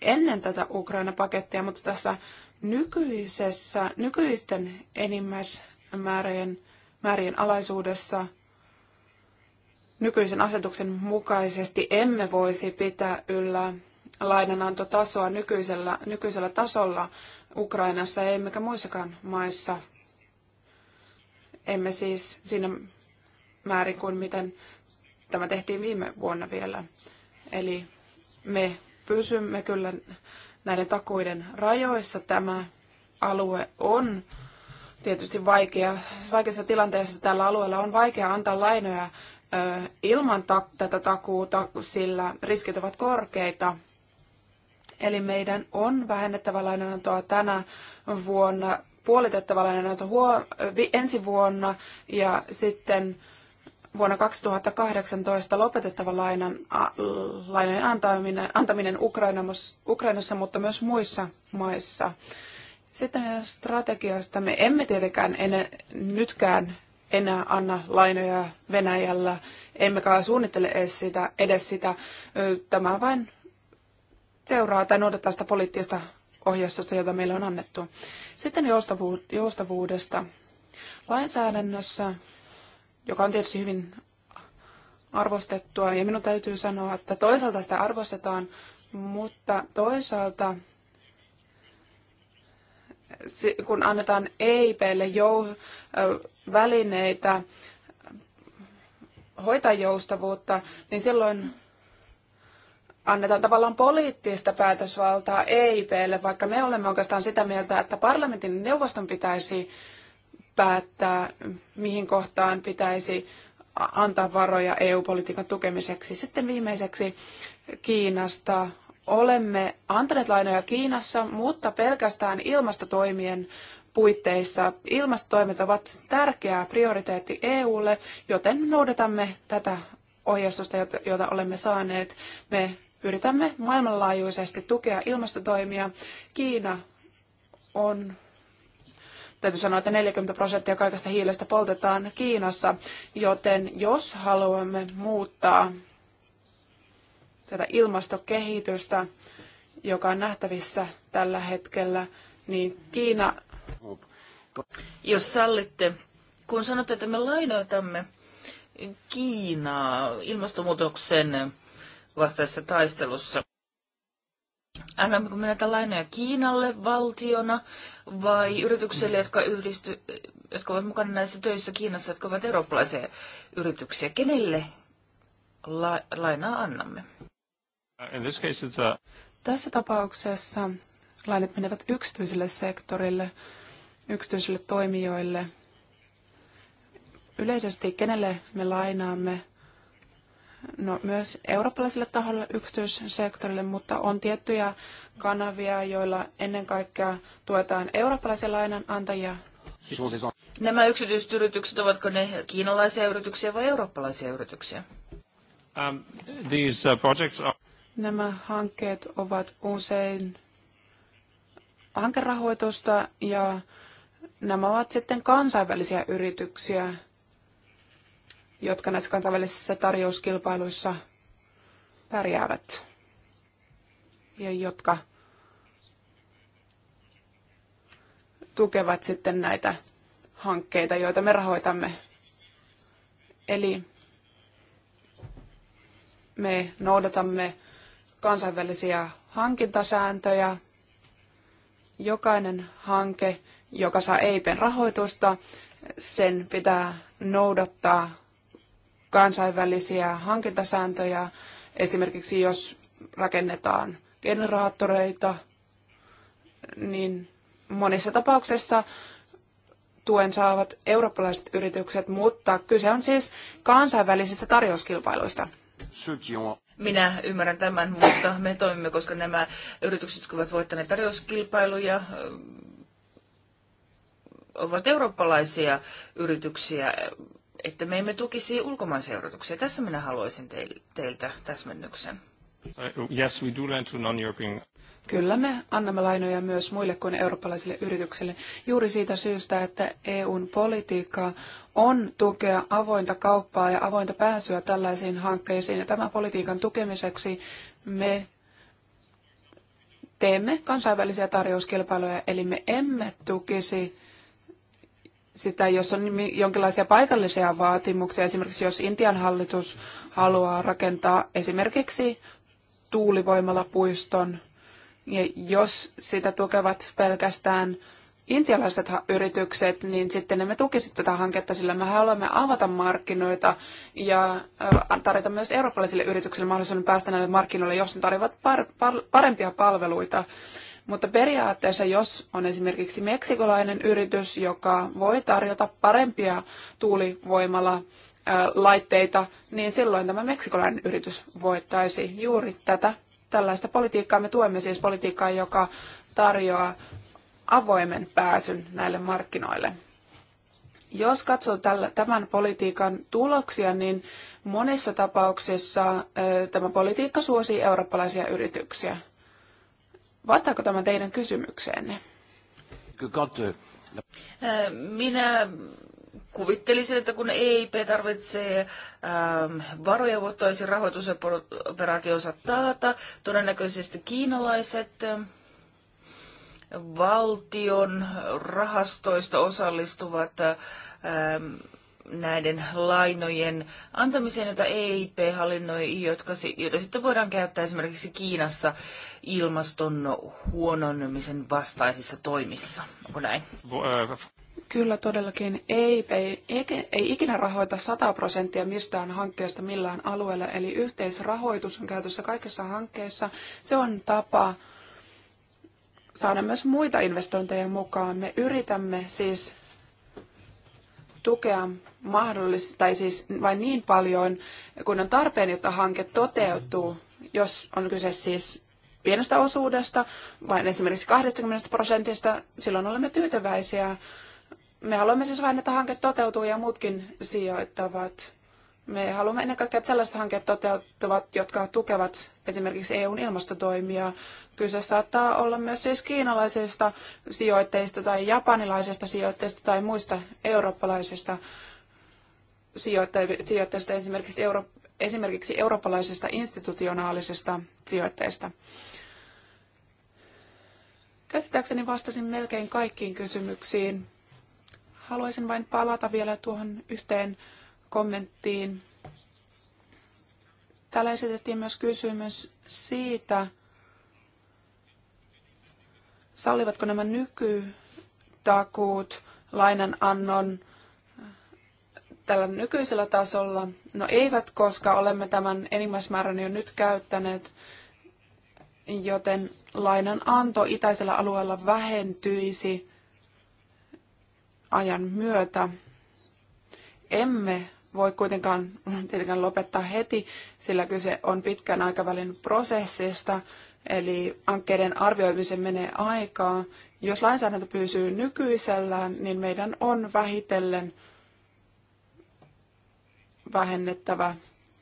ennen tätä Ukraina-pakettia, mutta tässä nykyisessä, nykyisten enimmäismäärien määrien alaisuudessa nykyisen asetuksen mukaisesti emme voisi pitää yllä lainanantotasoa nykyisellä, nykyisellä tasolla Ukrainassa emmekä muissakaan maissa. Emme siis siinä määrin kuin miten tämä tehtiin viime vuonna vielä. Eli me pysymme kyllä näiden takuiden rajoissa. Tämä alue on tietysti vaikea. Vaikeassa tilanteessa tällä alueella on vaikea antaa lainoja ilman tätä takuuta, sillä riskit ovat korkeita. Eli meidän on vähennettävä lainanantoa tänä vuonna, puolitettava lainananto ensi vuonna ja sitten vuonna 2018 lopetettava lainan, a, lainojen antaminen, antaminen Ukrainassa, Ukrainassa, mutta myös muissa maissa. Sitten strategiasta me emme tietenkään enä, nytkään enää anna lainoja Venäjällä, emmekä suunnittele edes sitä, edes sitä. Tämä vain seuraa tai noudattaa sitä poliittista ohjeistusta, jota meille on annettu. Sitten joustavuudesta. Lainsäädännössä, joka on tietysti hyvin arvostettua, ja minun täytyy sanoa, että toisaalta sitä arvostetaan, mutta toisaalta kun annetaan EIPlle jou- välineitä hoitaa joustavuutta, niin silloin annetaan tavallaan poliittista päätösvaltaa EIPlle, vaikka me olemme oikeastaan sitä mieltä, että parlamentin neuvoston pitäisi päättää, mihin kohtaan pitäisi antaa varoja EU-politiikan tukemiseksi. Sitten viimeiseksi Kiinasta. Olemme antaneet lainoja Kiinassa, mutta pelkästään ilmastotoimien puitteissa. Ilmastotoimet ovat tärkeä prioriteetti EUlle, joten noudatamme tätä ohjeistusta, jota olemme saaneet. Me yritämme maailmanlaajuisesti tukea ilmastotoimia. Kiina on, täytyy sanoa, että 40 prosenttia kaikesta hiilestä poltetaan Kiinassa, joten jos haluamme muuttaa tätä ilmastokehitystä, joka on nähtävissä tällä hetkellä, niin Kiina... Jos sallitte, kun sanotte, että me lainoitamme Kiinaa ilmastonmuutoksen vastaisessa taistelussa. Annammeko me näitä lainoja Kiinalle valtiona vai yrityksille, jotka, yhdisty, jotka ovat mukana näissä töissä Kiinassa, jotka ovat eurooppalaisia yrityksiä? Kenelle la, lainaa annamme? Uh, in this case it's a... Tässä tapauksessa lainat menevät yksityiselle sektorille, yksityisille toimijoille. Yleisesti kenelle me lainaamme no, myös eurooppalaiselle taholle, yksityissektorille, mutta on tiettyjä kanavia, joilla ennen kaikkea tuetaan eurooppalaisia lainanantajia. Nämä yksityiset yritykset, ovatko ne kiinalaisia yrityksiä vai eurooppalaisia yrityksiä? Um, these uh, projects are... Nämä hankkeet ovat usein hankerahoitusta ja nämä ovat sitten kansainvälisiä yrityksiä jotka näissä kansainvälisissä tarjouskilpailuissa pärjäävät ja jotka tukevat sitten näitä hankkeita, joita me rahoitamme. Eli me noudatamme kansainvälisiä hankintasääntöjä. Jokainen hanke, joka saa EIPen rahoitusta, sen pitää noudattaa kansainvälisiä hankintasääntöjä, esimerkiksi jos rakennetaan generaattoreita, niin monissa tapauksessa tuen saavat eurooppalaiset yritykset, mutta kyse on siis kansainvälisistä tarjouskilpailuista. Minä ymmärrän tämän, mutta me toimimme, koska nämä yritykset, jotka ovat voittaneet tarjouskilpailuja, ovat eurooppalaisia yrityksiä että me emme tukisi ulkomaanseuratuksia. Tässä minä haluaisin teiltä täsmennyksen. Yes, we do lend to non-European. Kyllä me annamme lainoja myös muille kuin eurooppalaisille yrityksille juuri siitä syystä, että EUn politiikka on tukea avointa kauppaa ja avointa pääsyä tällaisiin hankkeisiin. Ja tämän politiikan tukemiseksi me teemme kansainvälisiä tarjouskilpailuja, eli me emme tukisi sitä, jos on jonkinlaisia paikallisia vaatimuksia, esimerkiksi jos Intian hallitus haluaa rakentaa esimerkiksi tuulivoimalapuiston, ja jos sitä tukevat pelkästään intialaiset yritykset, niin sitten emme tukisi tätä hanketta, sillä me haluamme avata markkinoita ja äh, tarjota myös eurooppalaisille yrityksille mahdollisuuden päästä näille markkinoille, jos ne tarjoavat parempia palveluita. Mutta periaatteessa, jos on esimerkiksi meksikolainen yritys, joka voi tarjota parempia tuulivoimalla laitteita, niin silloin tämä meksikolainen yritys voittaisi juuri tätä tällaista politiikkaa. Me tuemme siis politiikkaa, joka tarjoaa avoimen pääsyn näille markkinoille. Jos katsoo tämän politiikan tuloksia, niin monissa tapauksissa tämä politiikka suosii eurooppalaisia yrityksiä. Vastaako tämä teidän kysymykseenne? Minä kuvittelisin, että kun EIP tarvitsee ähm, varoja, voittaisi rahoitusoperaatioonsa taata, todennäköisesti kiinalaiset ähm, valtion rahastoista osallistuvat ähm, näiden lainojen antamiseen, jota EIP hallinnoi, jotka, joita sitten voidaan käyttää esimerkiksi Kiinassa ilmaston huononnymisen vastaisissa toimissa. Onko näin? Kyllä todellakin. EIP ei, ei ikinä rahoita 100 prosenttia mistään hankkeesta millään alueella, eli yhteisrahoitus on käytössä kaikissa hankkeissa. Se on tapa saada myös muita investointeja mukaan. Me yritämme siis tukea mahdollista, tai siis vain niin paljon, kun on tarpeen, jotta hanke toteutuu, jos on kyse siis pienestä osuudesta, vain esimerkiksi 20 prosentista, silloin olemme tyytyväisiä. Me haluamme siis vain, että hanke toteutuu ja muutkin sijoittavat. Me haluamme ennen kaikkea, että sellaiset hankkeet toteuttavat, jotka tukevat esimerkiksi EUn ilmastotoimia. Kyse saattaa olla myös siis kiinalaisista sijoitteista tai japanilaisista sijoitteista tai muista eurooppalaisista sijoitteista, esimerkiksi, euro, esimerkiksi eurooppalaisista institutionaalisista sijoitteista. Käsittääkseni vastasin melkein kaikkiin kysymyksiin. Haluaisin vain palata vielä tuohon yhteen kommenttiin. Täällä esitettiin myös kysymys siitä, sallivatko nämä nykytakuut lainanannon tällä nykyisellä tasolla? No eivät, koska olemme tämän enimmäismäärän jo nyt käyttäneet, joten lainananto itäisellä alueella vähentyisi ajan myötä. Emme voi kuitenkaan tietenkään lopettaa heti, sillä kyse on pitkän aikavälin prosessista, eli hankkeiden arvioimisen menee aikaa. Jos lainsäädäntö pysyy nykyisellään, niin meidän on vähitellen vähennettävä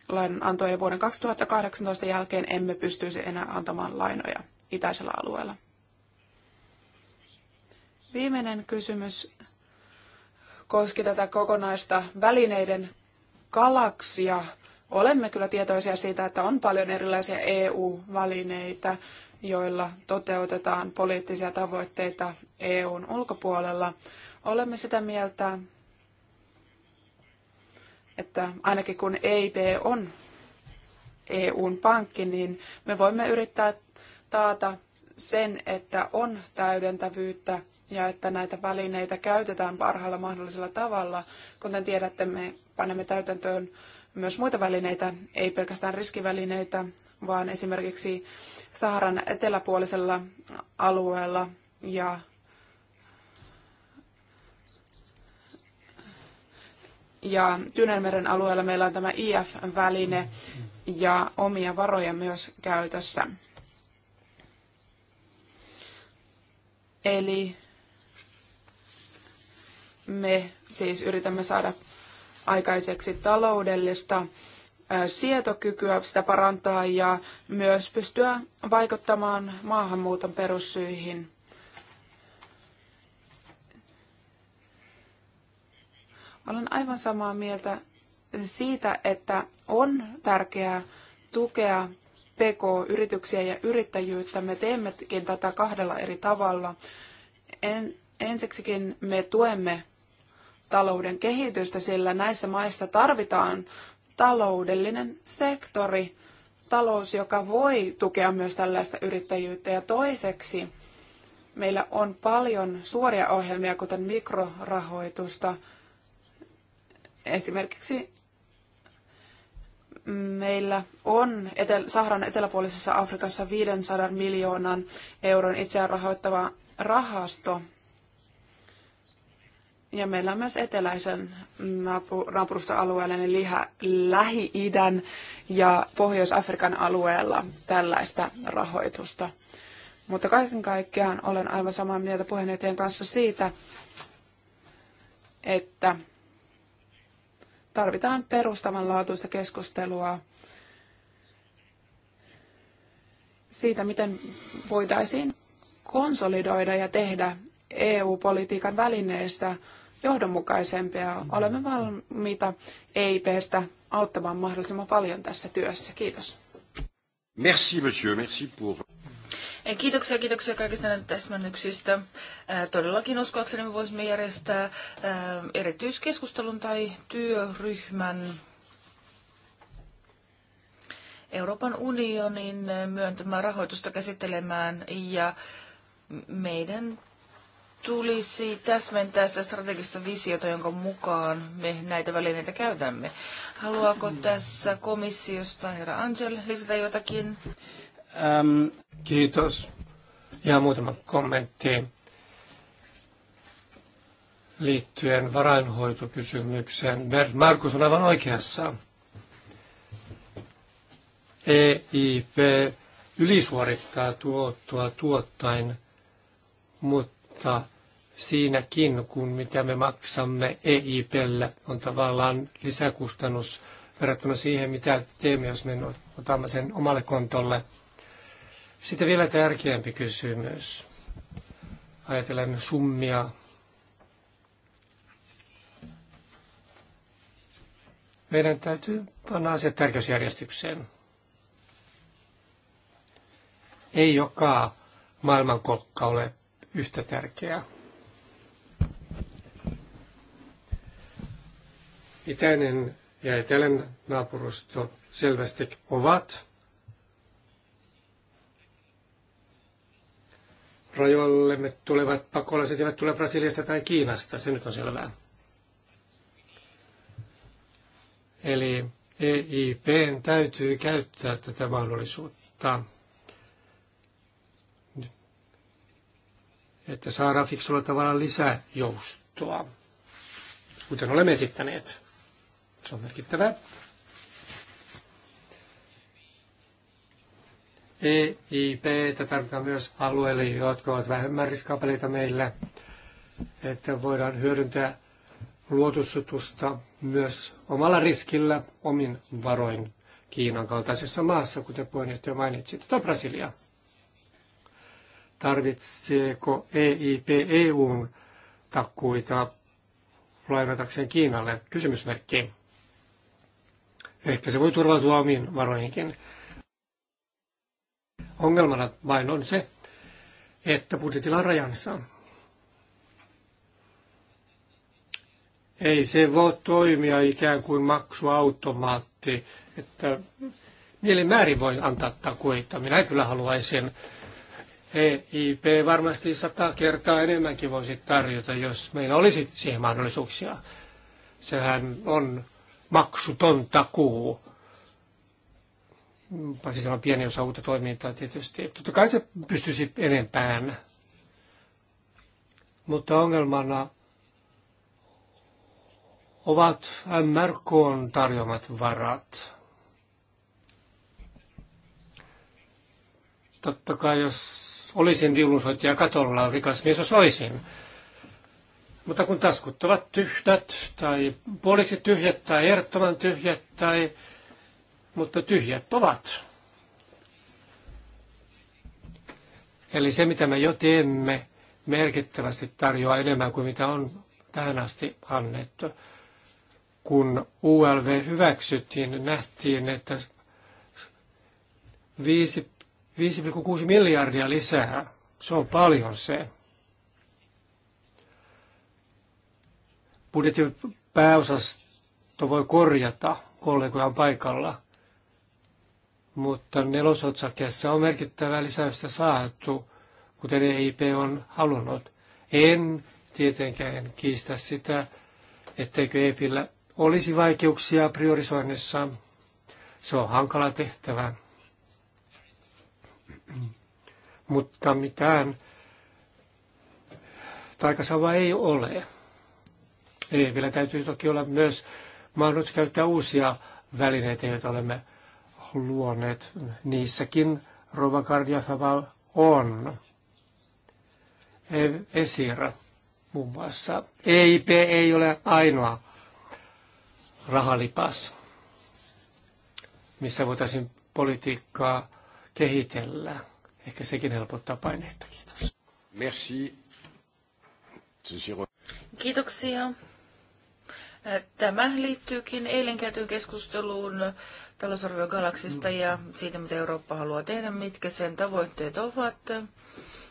lainanantoja vuoden 2018 jälkeen emme pystyisi enää antamaan lainoja itäisellä alueella. Viimeinen kysymys koski tätä kokonaista välineiden galaksia. Olemme kyllä tietoisia siitä, että on paljon erilaisia EU-välineitä, joilla toteutetaan poliittisia tavoitteita EUn ulkopuolella. Olemme sitä mieltä, että ainakin kun EIP on EUn pankki, niin me voimme yrittää taata sen, että on täydentävyyttä ja että näitä välineitä käytetään parhaalla mahdollisella tavalla. Kuten tiedätte, me panemme täytäntöön myös muita välineitä, ei pelkästään riskivälineitä, vaan esimerkiksi Saharan eteläpuolisella alueella ja Ja Tynelmeren alueella meillä on tämä IF-väline ja omia varoja myös käytössä. Eli me siis yritämme saada aikaiseksi taloudellista sietokykyä, sitä parantaa ja myös pystyä vaikuttamaan maahanmuuton perussyihin. Olen aivan samaa mieltä siitä, että on tärkeää tukea PK-yrityksiä ja yrittäjyyttä. Me teemmekin tätä kahdella eri tavalla. En, ensiksikin me tuemme talouden kehitystä, sillä näissä maissa tarvitaan taloudellinen sektori, talous, joka voi tukea myös tällaista yrittäjyyttä. Ja toiseksi meillä on paljon suoria ohjelmia, kuten mikrorahoitusta. Esimerkiksi meillä on etel- Saharan eteläpuolisessa Afrikassa 500 miljoonan euron itseään rahoittava rahasto, ja meillä on myös eteläisen naapurusta-alueella, eli niin liha, Lähi-idän ja Pohjois-Afrikan alueella tällaista rahoitusta. Mutta kaiken kaikkiaan olen aivan samaa mieltä puheenjohtajan kanssa siitä, että tarvitaan perustavanlaatuista keskustelua siitä, miten voitaisiin konsolidoida ja tehdä EU-politiikan välineistä johdonmukaisempia. Olemme valmiita EIPstä auttamaan mahdollisimman paljon tässä työssä. Kiitos. Merci, monsieur. Merci pour... Kiitoksia, kiitoksia kaikista näistä täsmennyksistä. Todellakin uskoakseni me voisimme järjestää erityiskeskustelun tai työryhmän Euroopan unionin myöntämää rahoitusta käsittelemään ja meidän tulisi täsmentää sitä strategista visiota, jonka mukaan me näitä välineitä käytämme. Haluaako tässä komissiosta herra Angel lisätä jotakin? Ähm, kiitos. Ja muutama kommentti liittyen varainhoitokysymykseen. Markus on aivan oikeassa. EIP ylisuorittaa tuottoa tuottain, mutta mutta siinäkin, kun mitä me maksamme EIPlle, on tavallaan lisäkustannus verrattuna siihen, mitä teemme, jos me otamme sen omalle kontolle. Sitten vielä tärkeämpi kysymys. Ajatellen summia. Meidän täytyy panna asiat tärkeysjärjestykseen. Ei joka maailmankolkka ole yhtä tärkeää. Itäinen ja etelän naapurusto selvästi ovat rajoillemme tulevat pakolaiset eivät tule Brasiliasta tai Kiinasta, se nyt on selvää. Eli EIP täytyy käyttää tätä mahdollisuutta että saadaan fiksulla tavalla lisää joustoa, kuten olemme esittäneet. Se on merkittävää. E EIP tarvitaan myös alueille, jotka ovat vähemmän riskaapeleita meillä, että voidaan hyödyntää luotusutusta myös omalla riskillä omin varoin Kiinan kaltaisessa maassa, kuten puheenjohtaja mainitsi, tätä tuota Brasiliaa tarvitseeko EIP EUn takkuita lainatakseen Kiinalle? Kysymysmerkki. Ehkä se voi turvautua omiin varoihinkin. Ongelmana vain on se, että budjetilla on rajansa. Ei se voi toimia ikään kuin maksuautomaatti, että mielin määrin voi antaa takuita. Minä kyllä haluaisin EIP varmasti sata kertaa enemmänkin voisi tarjota, jos meillä olisi siihen mahdollisuuksia. Sehän on maksuton takuu. Paitsi on pieni osa uutta toimintaa tietysti. Totta kai se pystyisi enempään. Mutta ongelmana ovat MRKn tarjomat varat. Totta kai jos olisin viulunsoittaja katolla, rikas mies jos olisin. Mutta kun taskut ovat tyhjät tai puoliksi tyhjät tai ehdottoman tyhjät tai... Mutta tyhjät ovat. Eli se, mitä me jo teemme, merkittävästi tarjoaa enemmän kuin mitä on tähän asti annettu. Kun ULV hyväksyttiin, nähtiin, että 5 5,6 miljardia lisää. Se on paljon se. Budjetin pääosasto voi korjata kollegoja paikalla, mutta nelosotsakkeessa on merkittävää lisäystä saatu, kuten EIP on halunnut. En tietenkään kiistä sitä, etteikö EIPillä olisi vaikeuksia priorisoinnissa. Se on hankala tehtävä mutta mitään taikasava ei ole. Ei, vielä täytyy toki olla myös mahdollisuus käyttää uusia välineitä, joita olemme luoneet. Niissäkin Rova Gardiafaval on. Esira muun muassa. EIP ei ole ainoa rahalipas, missä voitaisiin politiikkaa kehitellä. Ehkä sekin helpottaa paineita. Kiitos. Merci. Kiitoksia. Tämä liittyykin eilen käytyyn keskusteluun talousarvio Galaksista ja siitä, mitä Eurooppa haluaa tehdä, mitkä sen tavoitteet ovat,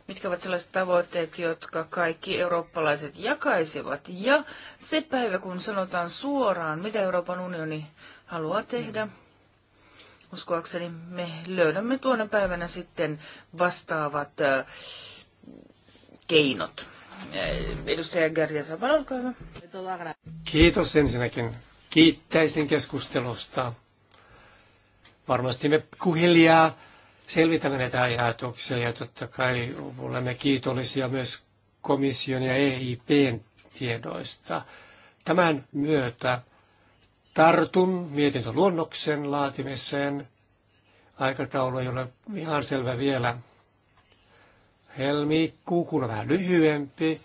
mitkä ovat sellaiset tavoitteet, jotka kaikki eurooppalaiset jakaisivat. Ja se päivä, kun sanotaan suoraan, mitä Euroopan unioni haluaa tehdä, mm uskoakseni me löydämme tuona päivänä sitten vastaavat keinot. Edustaja Gerdia Saban, olkaa hyvä. Kiitos ensinnäkin. Kiittäisin keskustelusta. Varmasti me kuhiljaa selvitämme näitä ajatuksia ja totta kai olemme kiitollisia myös komission ja EIPn tiedoista. Tämän myötä tartun mietintöluonnoksen laatimiseen. Aikataulu ei ole ihan selvä vielä. Helmikuu, kun on vähän lyhyempi.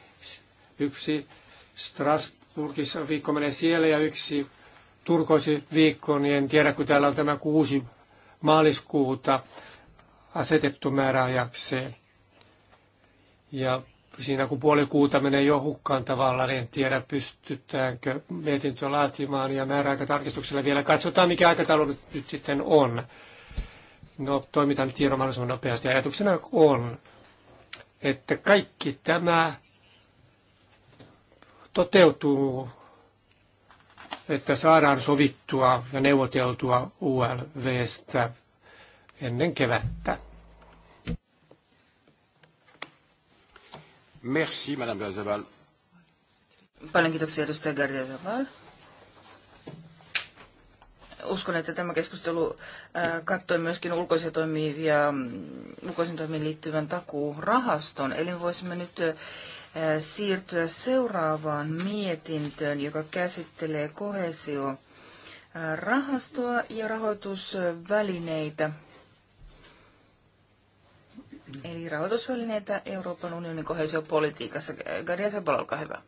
Yksi Strasburgissa viikko menee siellä ja yksi turkoisi viikko, niin en tiedä, kun täällä on tämä kuusi maaliskuuta asetettu määräajaksi. Ja siinä kun puoli kuuta menee jo hukkaan tavallaan, niin en tiedä pystytäänkö mietintöä laatimaan ja määräaikatarkistuksella vielä katsotaan, mikä aikataulu nyt, nyt sitten on. No, toimitaan tiedon mahdollisimman nopeasti. Ajatuksena on, että kaikki tämä toteutuu, että saadaan sovittua ja neuvoteltua ULVstä ennen kevättä. Merci, Madame Paljon kiitoksia, edustaja Gardia Zaval. Uskon, että tämä keskustelu äh, kattoi myöskin ulkoisen toimivia, mm, ulkoisen toimiin liittyvän takuurahaston. Eli voisimme nyt äh, siirtyä seuraavaan mietintöön, joka käsittelee kohesio äh, rahastoa ja rahoitusvälineitä Eli rahoitusvälineitä Euroopan unionin kohesiopolitiikassa. Garia Sebal, olkaa hyvä.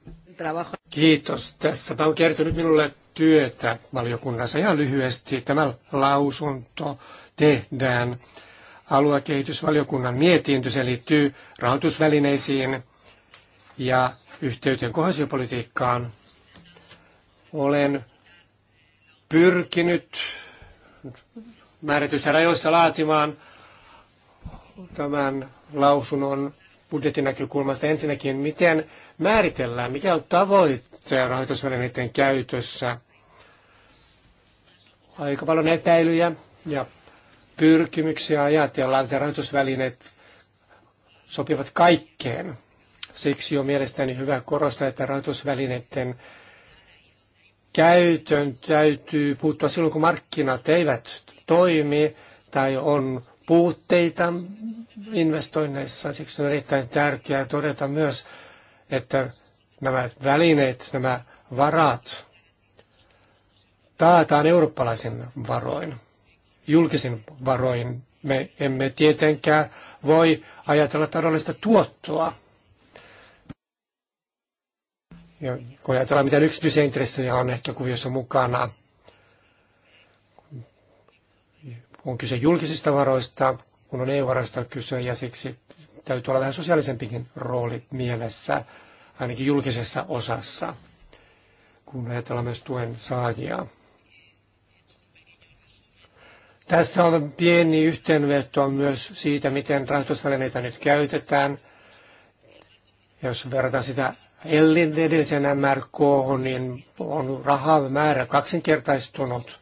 Kiitos. Tässä on kertynyt minulle työtä valiokunnassa. Ihan lyhyesti tämä lausunto tehdään. Aluekehitysvaliokunnan mietintö, se liittyy rahoitusvälineisiin ja yhteyteen kohesiopolitiikkaan. Olen pyrkinyt määrätyistä rajoissa laatimaan tämän lausunnon budjetin näkökulmasta ensinnäkin, miten määritellään, mikä on tavoite rahoitusvälineiden käytössä. Aika paljon epäilyjä ja pyrkimyksiä ajatellaan, että rahoitusvälineet sopivat kaikkeen. Siksi on mielestäni hyvä korostaa, että rahoitusvälineiden käytön täytyy puuttua silloin, kun markkinat eivät toimi tai on puutteita investoinneissa. Siksi on erittäin tärkeää todeta myös, että nämä välineet, nämä varat taataan eurooppalaisin varoin, julkisin varoin. Me emme tietenkään voi ajatella taloudellista tuottoa. Ja kun ajatellaan, mitä yksityisiä intressejä on ehkä kuviossa mukana, on kyse julkisista varoista, kun on EU-varoista kyse, ja siksi täytyy olla vähän sosiaalisempikin rooli mielessä, ainakin julkisessa osassa, kun ajatellaan myös tuen saajia. Tässä on pieni yhteenveto myös siitä, miten rahoitusvälineitä nyt käytetään. Jos verrataan sitä edellisen MRK, niin on rahamäärä kaksinkertaistunut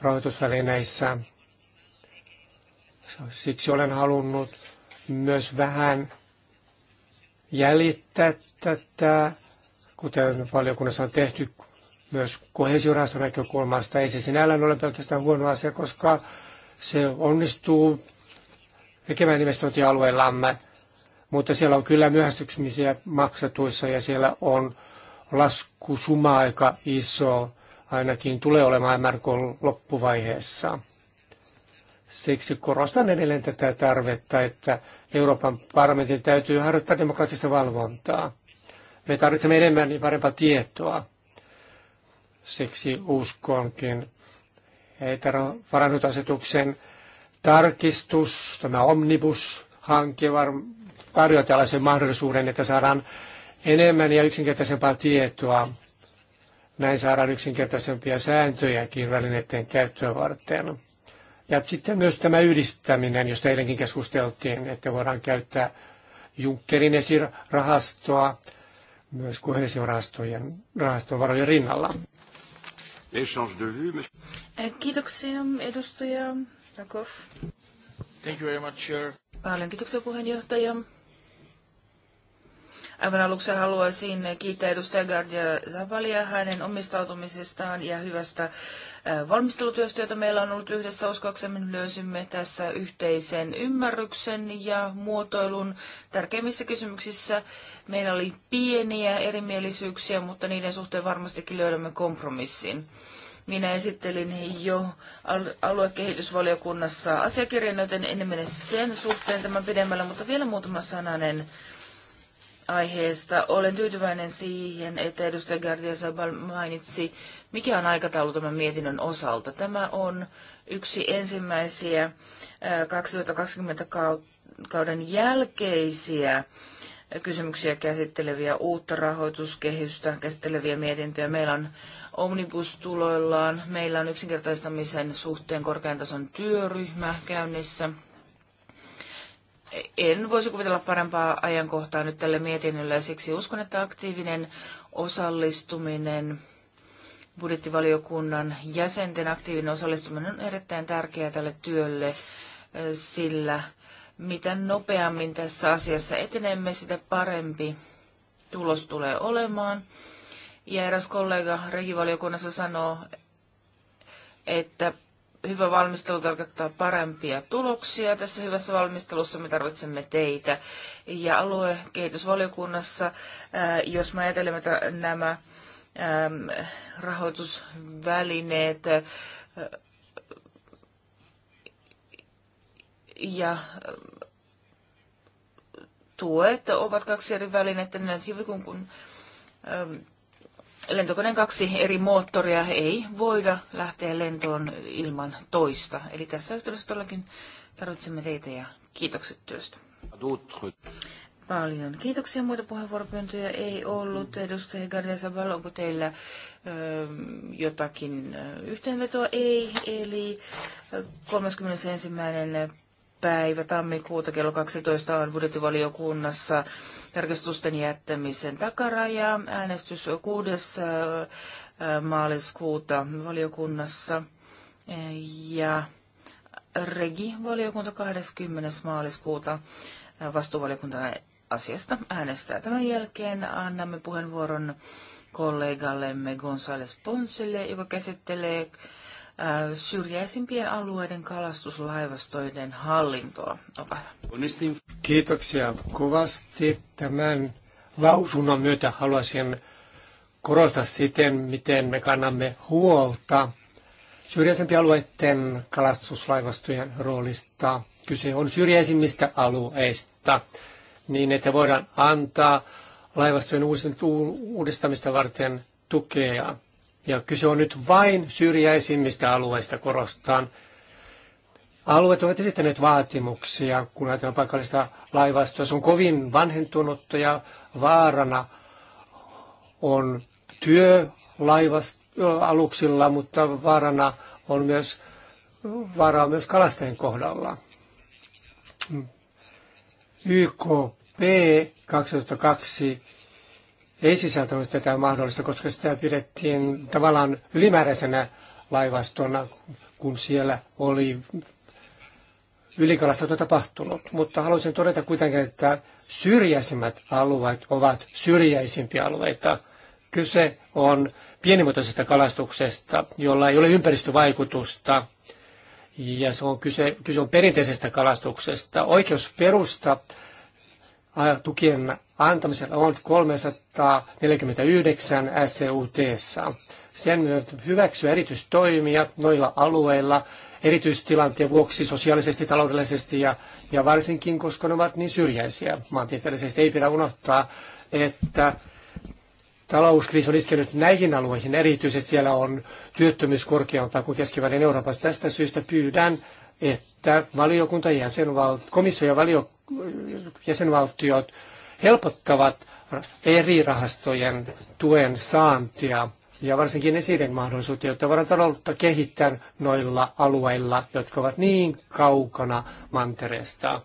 rahoitusvälineissä Siksi olen halunnut myös vähän jäljittää tätä, kuten valiokunnassa on tehty myös kohesioraston näkökulmasta. Ei se sinällään ole pelkästään huono asia, koska se onnistuu tekemään investointialueillamme, mutta siellä on kyllä myöhästymisiä maksatuissa ja siellä on laskusuma aika iso, ainakin tulee olemaan MRK loppuvaiheessa. Siksi korostan edelleen tätä tarvetta, että Euroopan parlamentin täytyy harjoittaa demokraattista valvontaa. Me tarvitsemme enemmän ja niin parempaa tietoa. Siksi uskonkin, että varannutasetuksen tarkistus, tämä omnibus-hanke tarjoaa tällaisen mahdollisuuden, että saadaan enemmän ja yksinkertaisempaa tietoa. Näin saadaan yksinkertaisempia sääntöjäkin välineiden käyttöä varten. Ja sitten myös tämä yhdistäminen, josta eilenkin keskusteltiin, että voidaan käyttää Junckerin esirahastoa myös kohesiorahastojen rahastovarojen rinnalla. Eh, kiitoksia edustaja Jakov. Thank you very much, Paljon kiitoksia puheenjohtaja. Aivan aluksi haluaisin kiittää edustaja Gardia Zavalia hänen omistautumisestaan ja hyvästä valmistelutyöstä, jota meillä on ollut yhdessä. Uskoaksemme löysimme tässä yhteisen ymmärryksen ja muotoilun tärkeimmissä kysymyksissä. Meillä oli pieniä erimielisyyksiä, mutta niiden suhteen varmastikin löydämme kompromissin. Minä esittelin jo aluekehitysvaliokunnassa asiakirjan, joten en mene sen suhteen tämän pidemmälle, mutta vielä muutama sananen aiheesta. Olen tyytyväinen siihen, että edustaja Gardia Sabal mainitsi, mikä on aikataulu tämän mietinnön osalta. Tämä on yksi ensimmäisiä 2020 kauden jälkeisiä kysymyksiä käsitteleviä, uutta rahoituskehystä käsitteleviä mietintöjä. Meillä on omnibus-tuloillaan, meillä on yksinkertaistamisen suhteen korkean tason työryhmä käynnissä – en voisi kuvitella parempaa ajankohtaa nyt tälle mietinnölle ja siksi uskon, että aktiivinen osallistuminen budjettivaliokunnan jäsenten aktiivinen osallistuminen on erittäin tärkeää tälle työlle, eh, sillä mitä nopeammin tässä asiassa etenemme, sitä parempi tulos tulee olemaan. Ja eräs kollega regivaliokunnassa sanoo, että hyvä valmistelu tarkoittaa parempia tuloksia. Tässä hyvässä valmistelussa me tarvitsemme teitä. Ja aluekehitysvaliokunnassa, äh, jos me ajatelemme nämä ähm, rahoitusvälineet äh, ja äh, tuet ovat kaksi eri välinettä, niin, hyvin kun, kun ähm, lentokoneen kaksi eri moottoria ei voida lähteä lentoon ilman toista. Eli tässä yhteydessä todellakin tarvitsemme teitä ja kiitokset työstä. Paljon kiitoksia. Muita puheenvuoropyyntöjä ei ollut. Edustaja Gardia Sabal, onko teillä ö, ähm, jotakin äh, yhteenvetoa? Ei. Eli 31 päivä tammikuuta kello 12 on budjettivaliokunnassa tarkistusten jättämisen takaraja. Äänestys 6. Äh, äh, maaliskuuta valiokunnassa ja Regi-valiokunta 20. maaliskuuta äh, vastuuvaliokunta asiasta äänestää. Tämän jälkeen annamme puheenvuoron kollegallemme Gonzales Ponsille, joka käsittelee Äh, syrjäisimpien alueiden kalastuslaivastoiden hallintoa. Olkaa Kiitoksia kovasti. Tämän lausunnon myötä haluaisin korostaa siten, miten me kannamme huolta syrjäisempien alueiden kalastuslaivastojen roolista. Kyse on syrjäisimmistä alueista, niin että voidaan antaa laivastojen uudistamista varten tukea. Ja kyse on nyt vain syrjäisimmistä alueista korostaan. Alueet ovat esittäneet vaatimuksia, kun ajatellaan paikallista laivastoa. Se on kovin vanhentunutta ja vaarana on työ laivast, aluksilla, mutta vaarana on myös, vaaraa myös kalastajien kohdalla. YKP 2002 ei sisältänyt tätä mahdollista, koska sitä pidettiin tavallaan ylimääräisenä laivastona, kun siellä oli ylikalastusta tapahtunut. Mutta haluaisin todeta kuitenkin, että syrjäisimmät alueet ovat syrjäisimpiä alueita. Kyse on pienimuotoisesta kalastuksesta, jolla ei ole ympäristövaikutusta, ja se on kyse, kyse on perinteisestä kalastuksesta. Oikeusperusta tukien antamisella on 349 SCUT. -ssa. Sen myötä hyväksyä erityistoimia noilla alueilla erityistilanteen vuoksi sosiaalisesti, taloudellisesti ja, ja varsinkin, koska ne ovat niin syrjäisiä maantieteellisesti. Ei pidä unohtaa, että talouskriisi on iskenyt näihin alueihin. Erityisesti siellä on työttömyys korkeampaa kuin keskivälin Euroopassa. Tästä syystä pyydän, että valiokunta ja jäsenval- komissio ja valiokunta jäsenvaltiot helpottavat eri rahastojen tuen saantia ja varsinkin esiden mahdollisuutta, jotta voidaan taloutta kehittää noilla alueilla, jotka ovat niin kaukana mantereesta.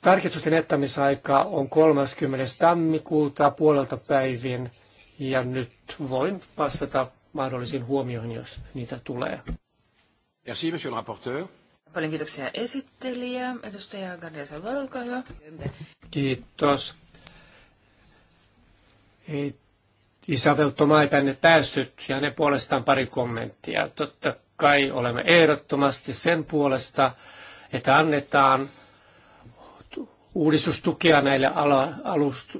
Tarkistusten jättämisaika on 30. tammikuuta puolelta päivin ja nyt voin vastata mahdollisiin huomioihin, jos niitä tulee. Merci, monsieur le rapporteur. Paljon kiitoksia esittelijä. Edustaja Gardia Salvar, olkaa hyvä. Kiitos. Ei Isabel Tomai tänne päässyt ja ne puolestaan pari kommenttia. Totta kai olemme ehdottomasti sen puolesta, että annetaan uudistustukea näille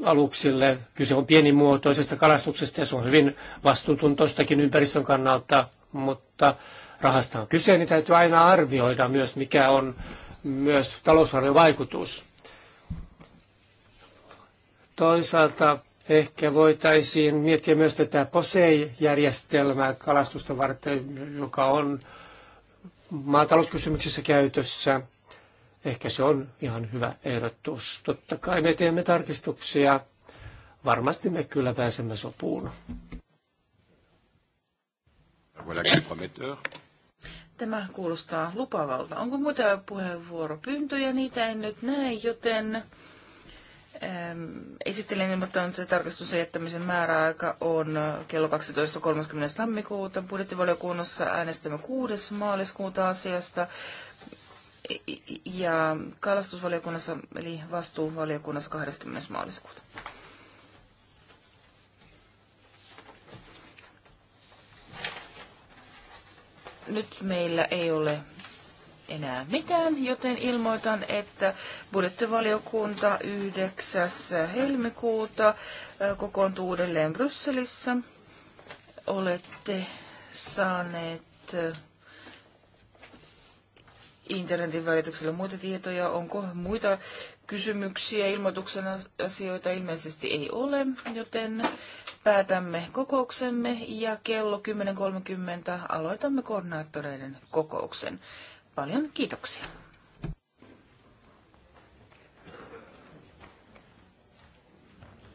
aluksille. Kyse on pienimuotoisesta kalastuksesta ja se on hyvin vastuutuntoistakin ympäristön kannalta, mutta rahasta on kyse, niin täytyy aina arvioida myös, mikä on myös talousarvion vaikutus. Toisaalta ehkä voitaisiin miettiä myös tätä POSEI-järjestelmää kalastusta varten, joka on maatalouskysymyksissä käytössä. Ehkä se on ihan hyvä ehdotus. Totta kai me teemme tarkistuksia. Varmasti me kyllä pääsemme sopuun. Voilà qui est prometteur. Tämä kuulostaa lupavalta. Onko muita puheenvuoropyyntöjä? Niitä en nyt näe, joten ähm, esittelen ilmoittanut, että tarkastuksen jättämisen määräaika on kello 12.30. tammikuuta. Budjettivaliokunnassa äänestämme 6. maaliskuuta asiasta. Ja kalastusvaliokunnassa, eli vastuuvaliokunnassa 20. maaliskuuta. nyt meillä ei ole enää mitään, joten ilmoitan, että budjettivaliokunta 9. helmikuuta kokoontuu uudelleen Brysselissä. Olette saaneet internetin välityksellä muita tietoja. Onko muita kysymyksiä, ilmoituksen asioita ilmeisesti ei ole, joten päätämme kokouksemme ja kello 10.30 aloitamme koordinaattoreiden kokouksen. Paljon kiitoksia.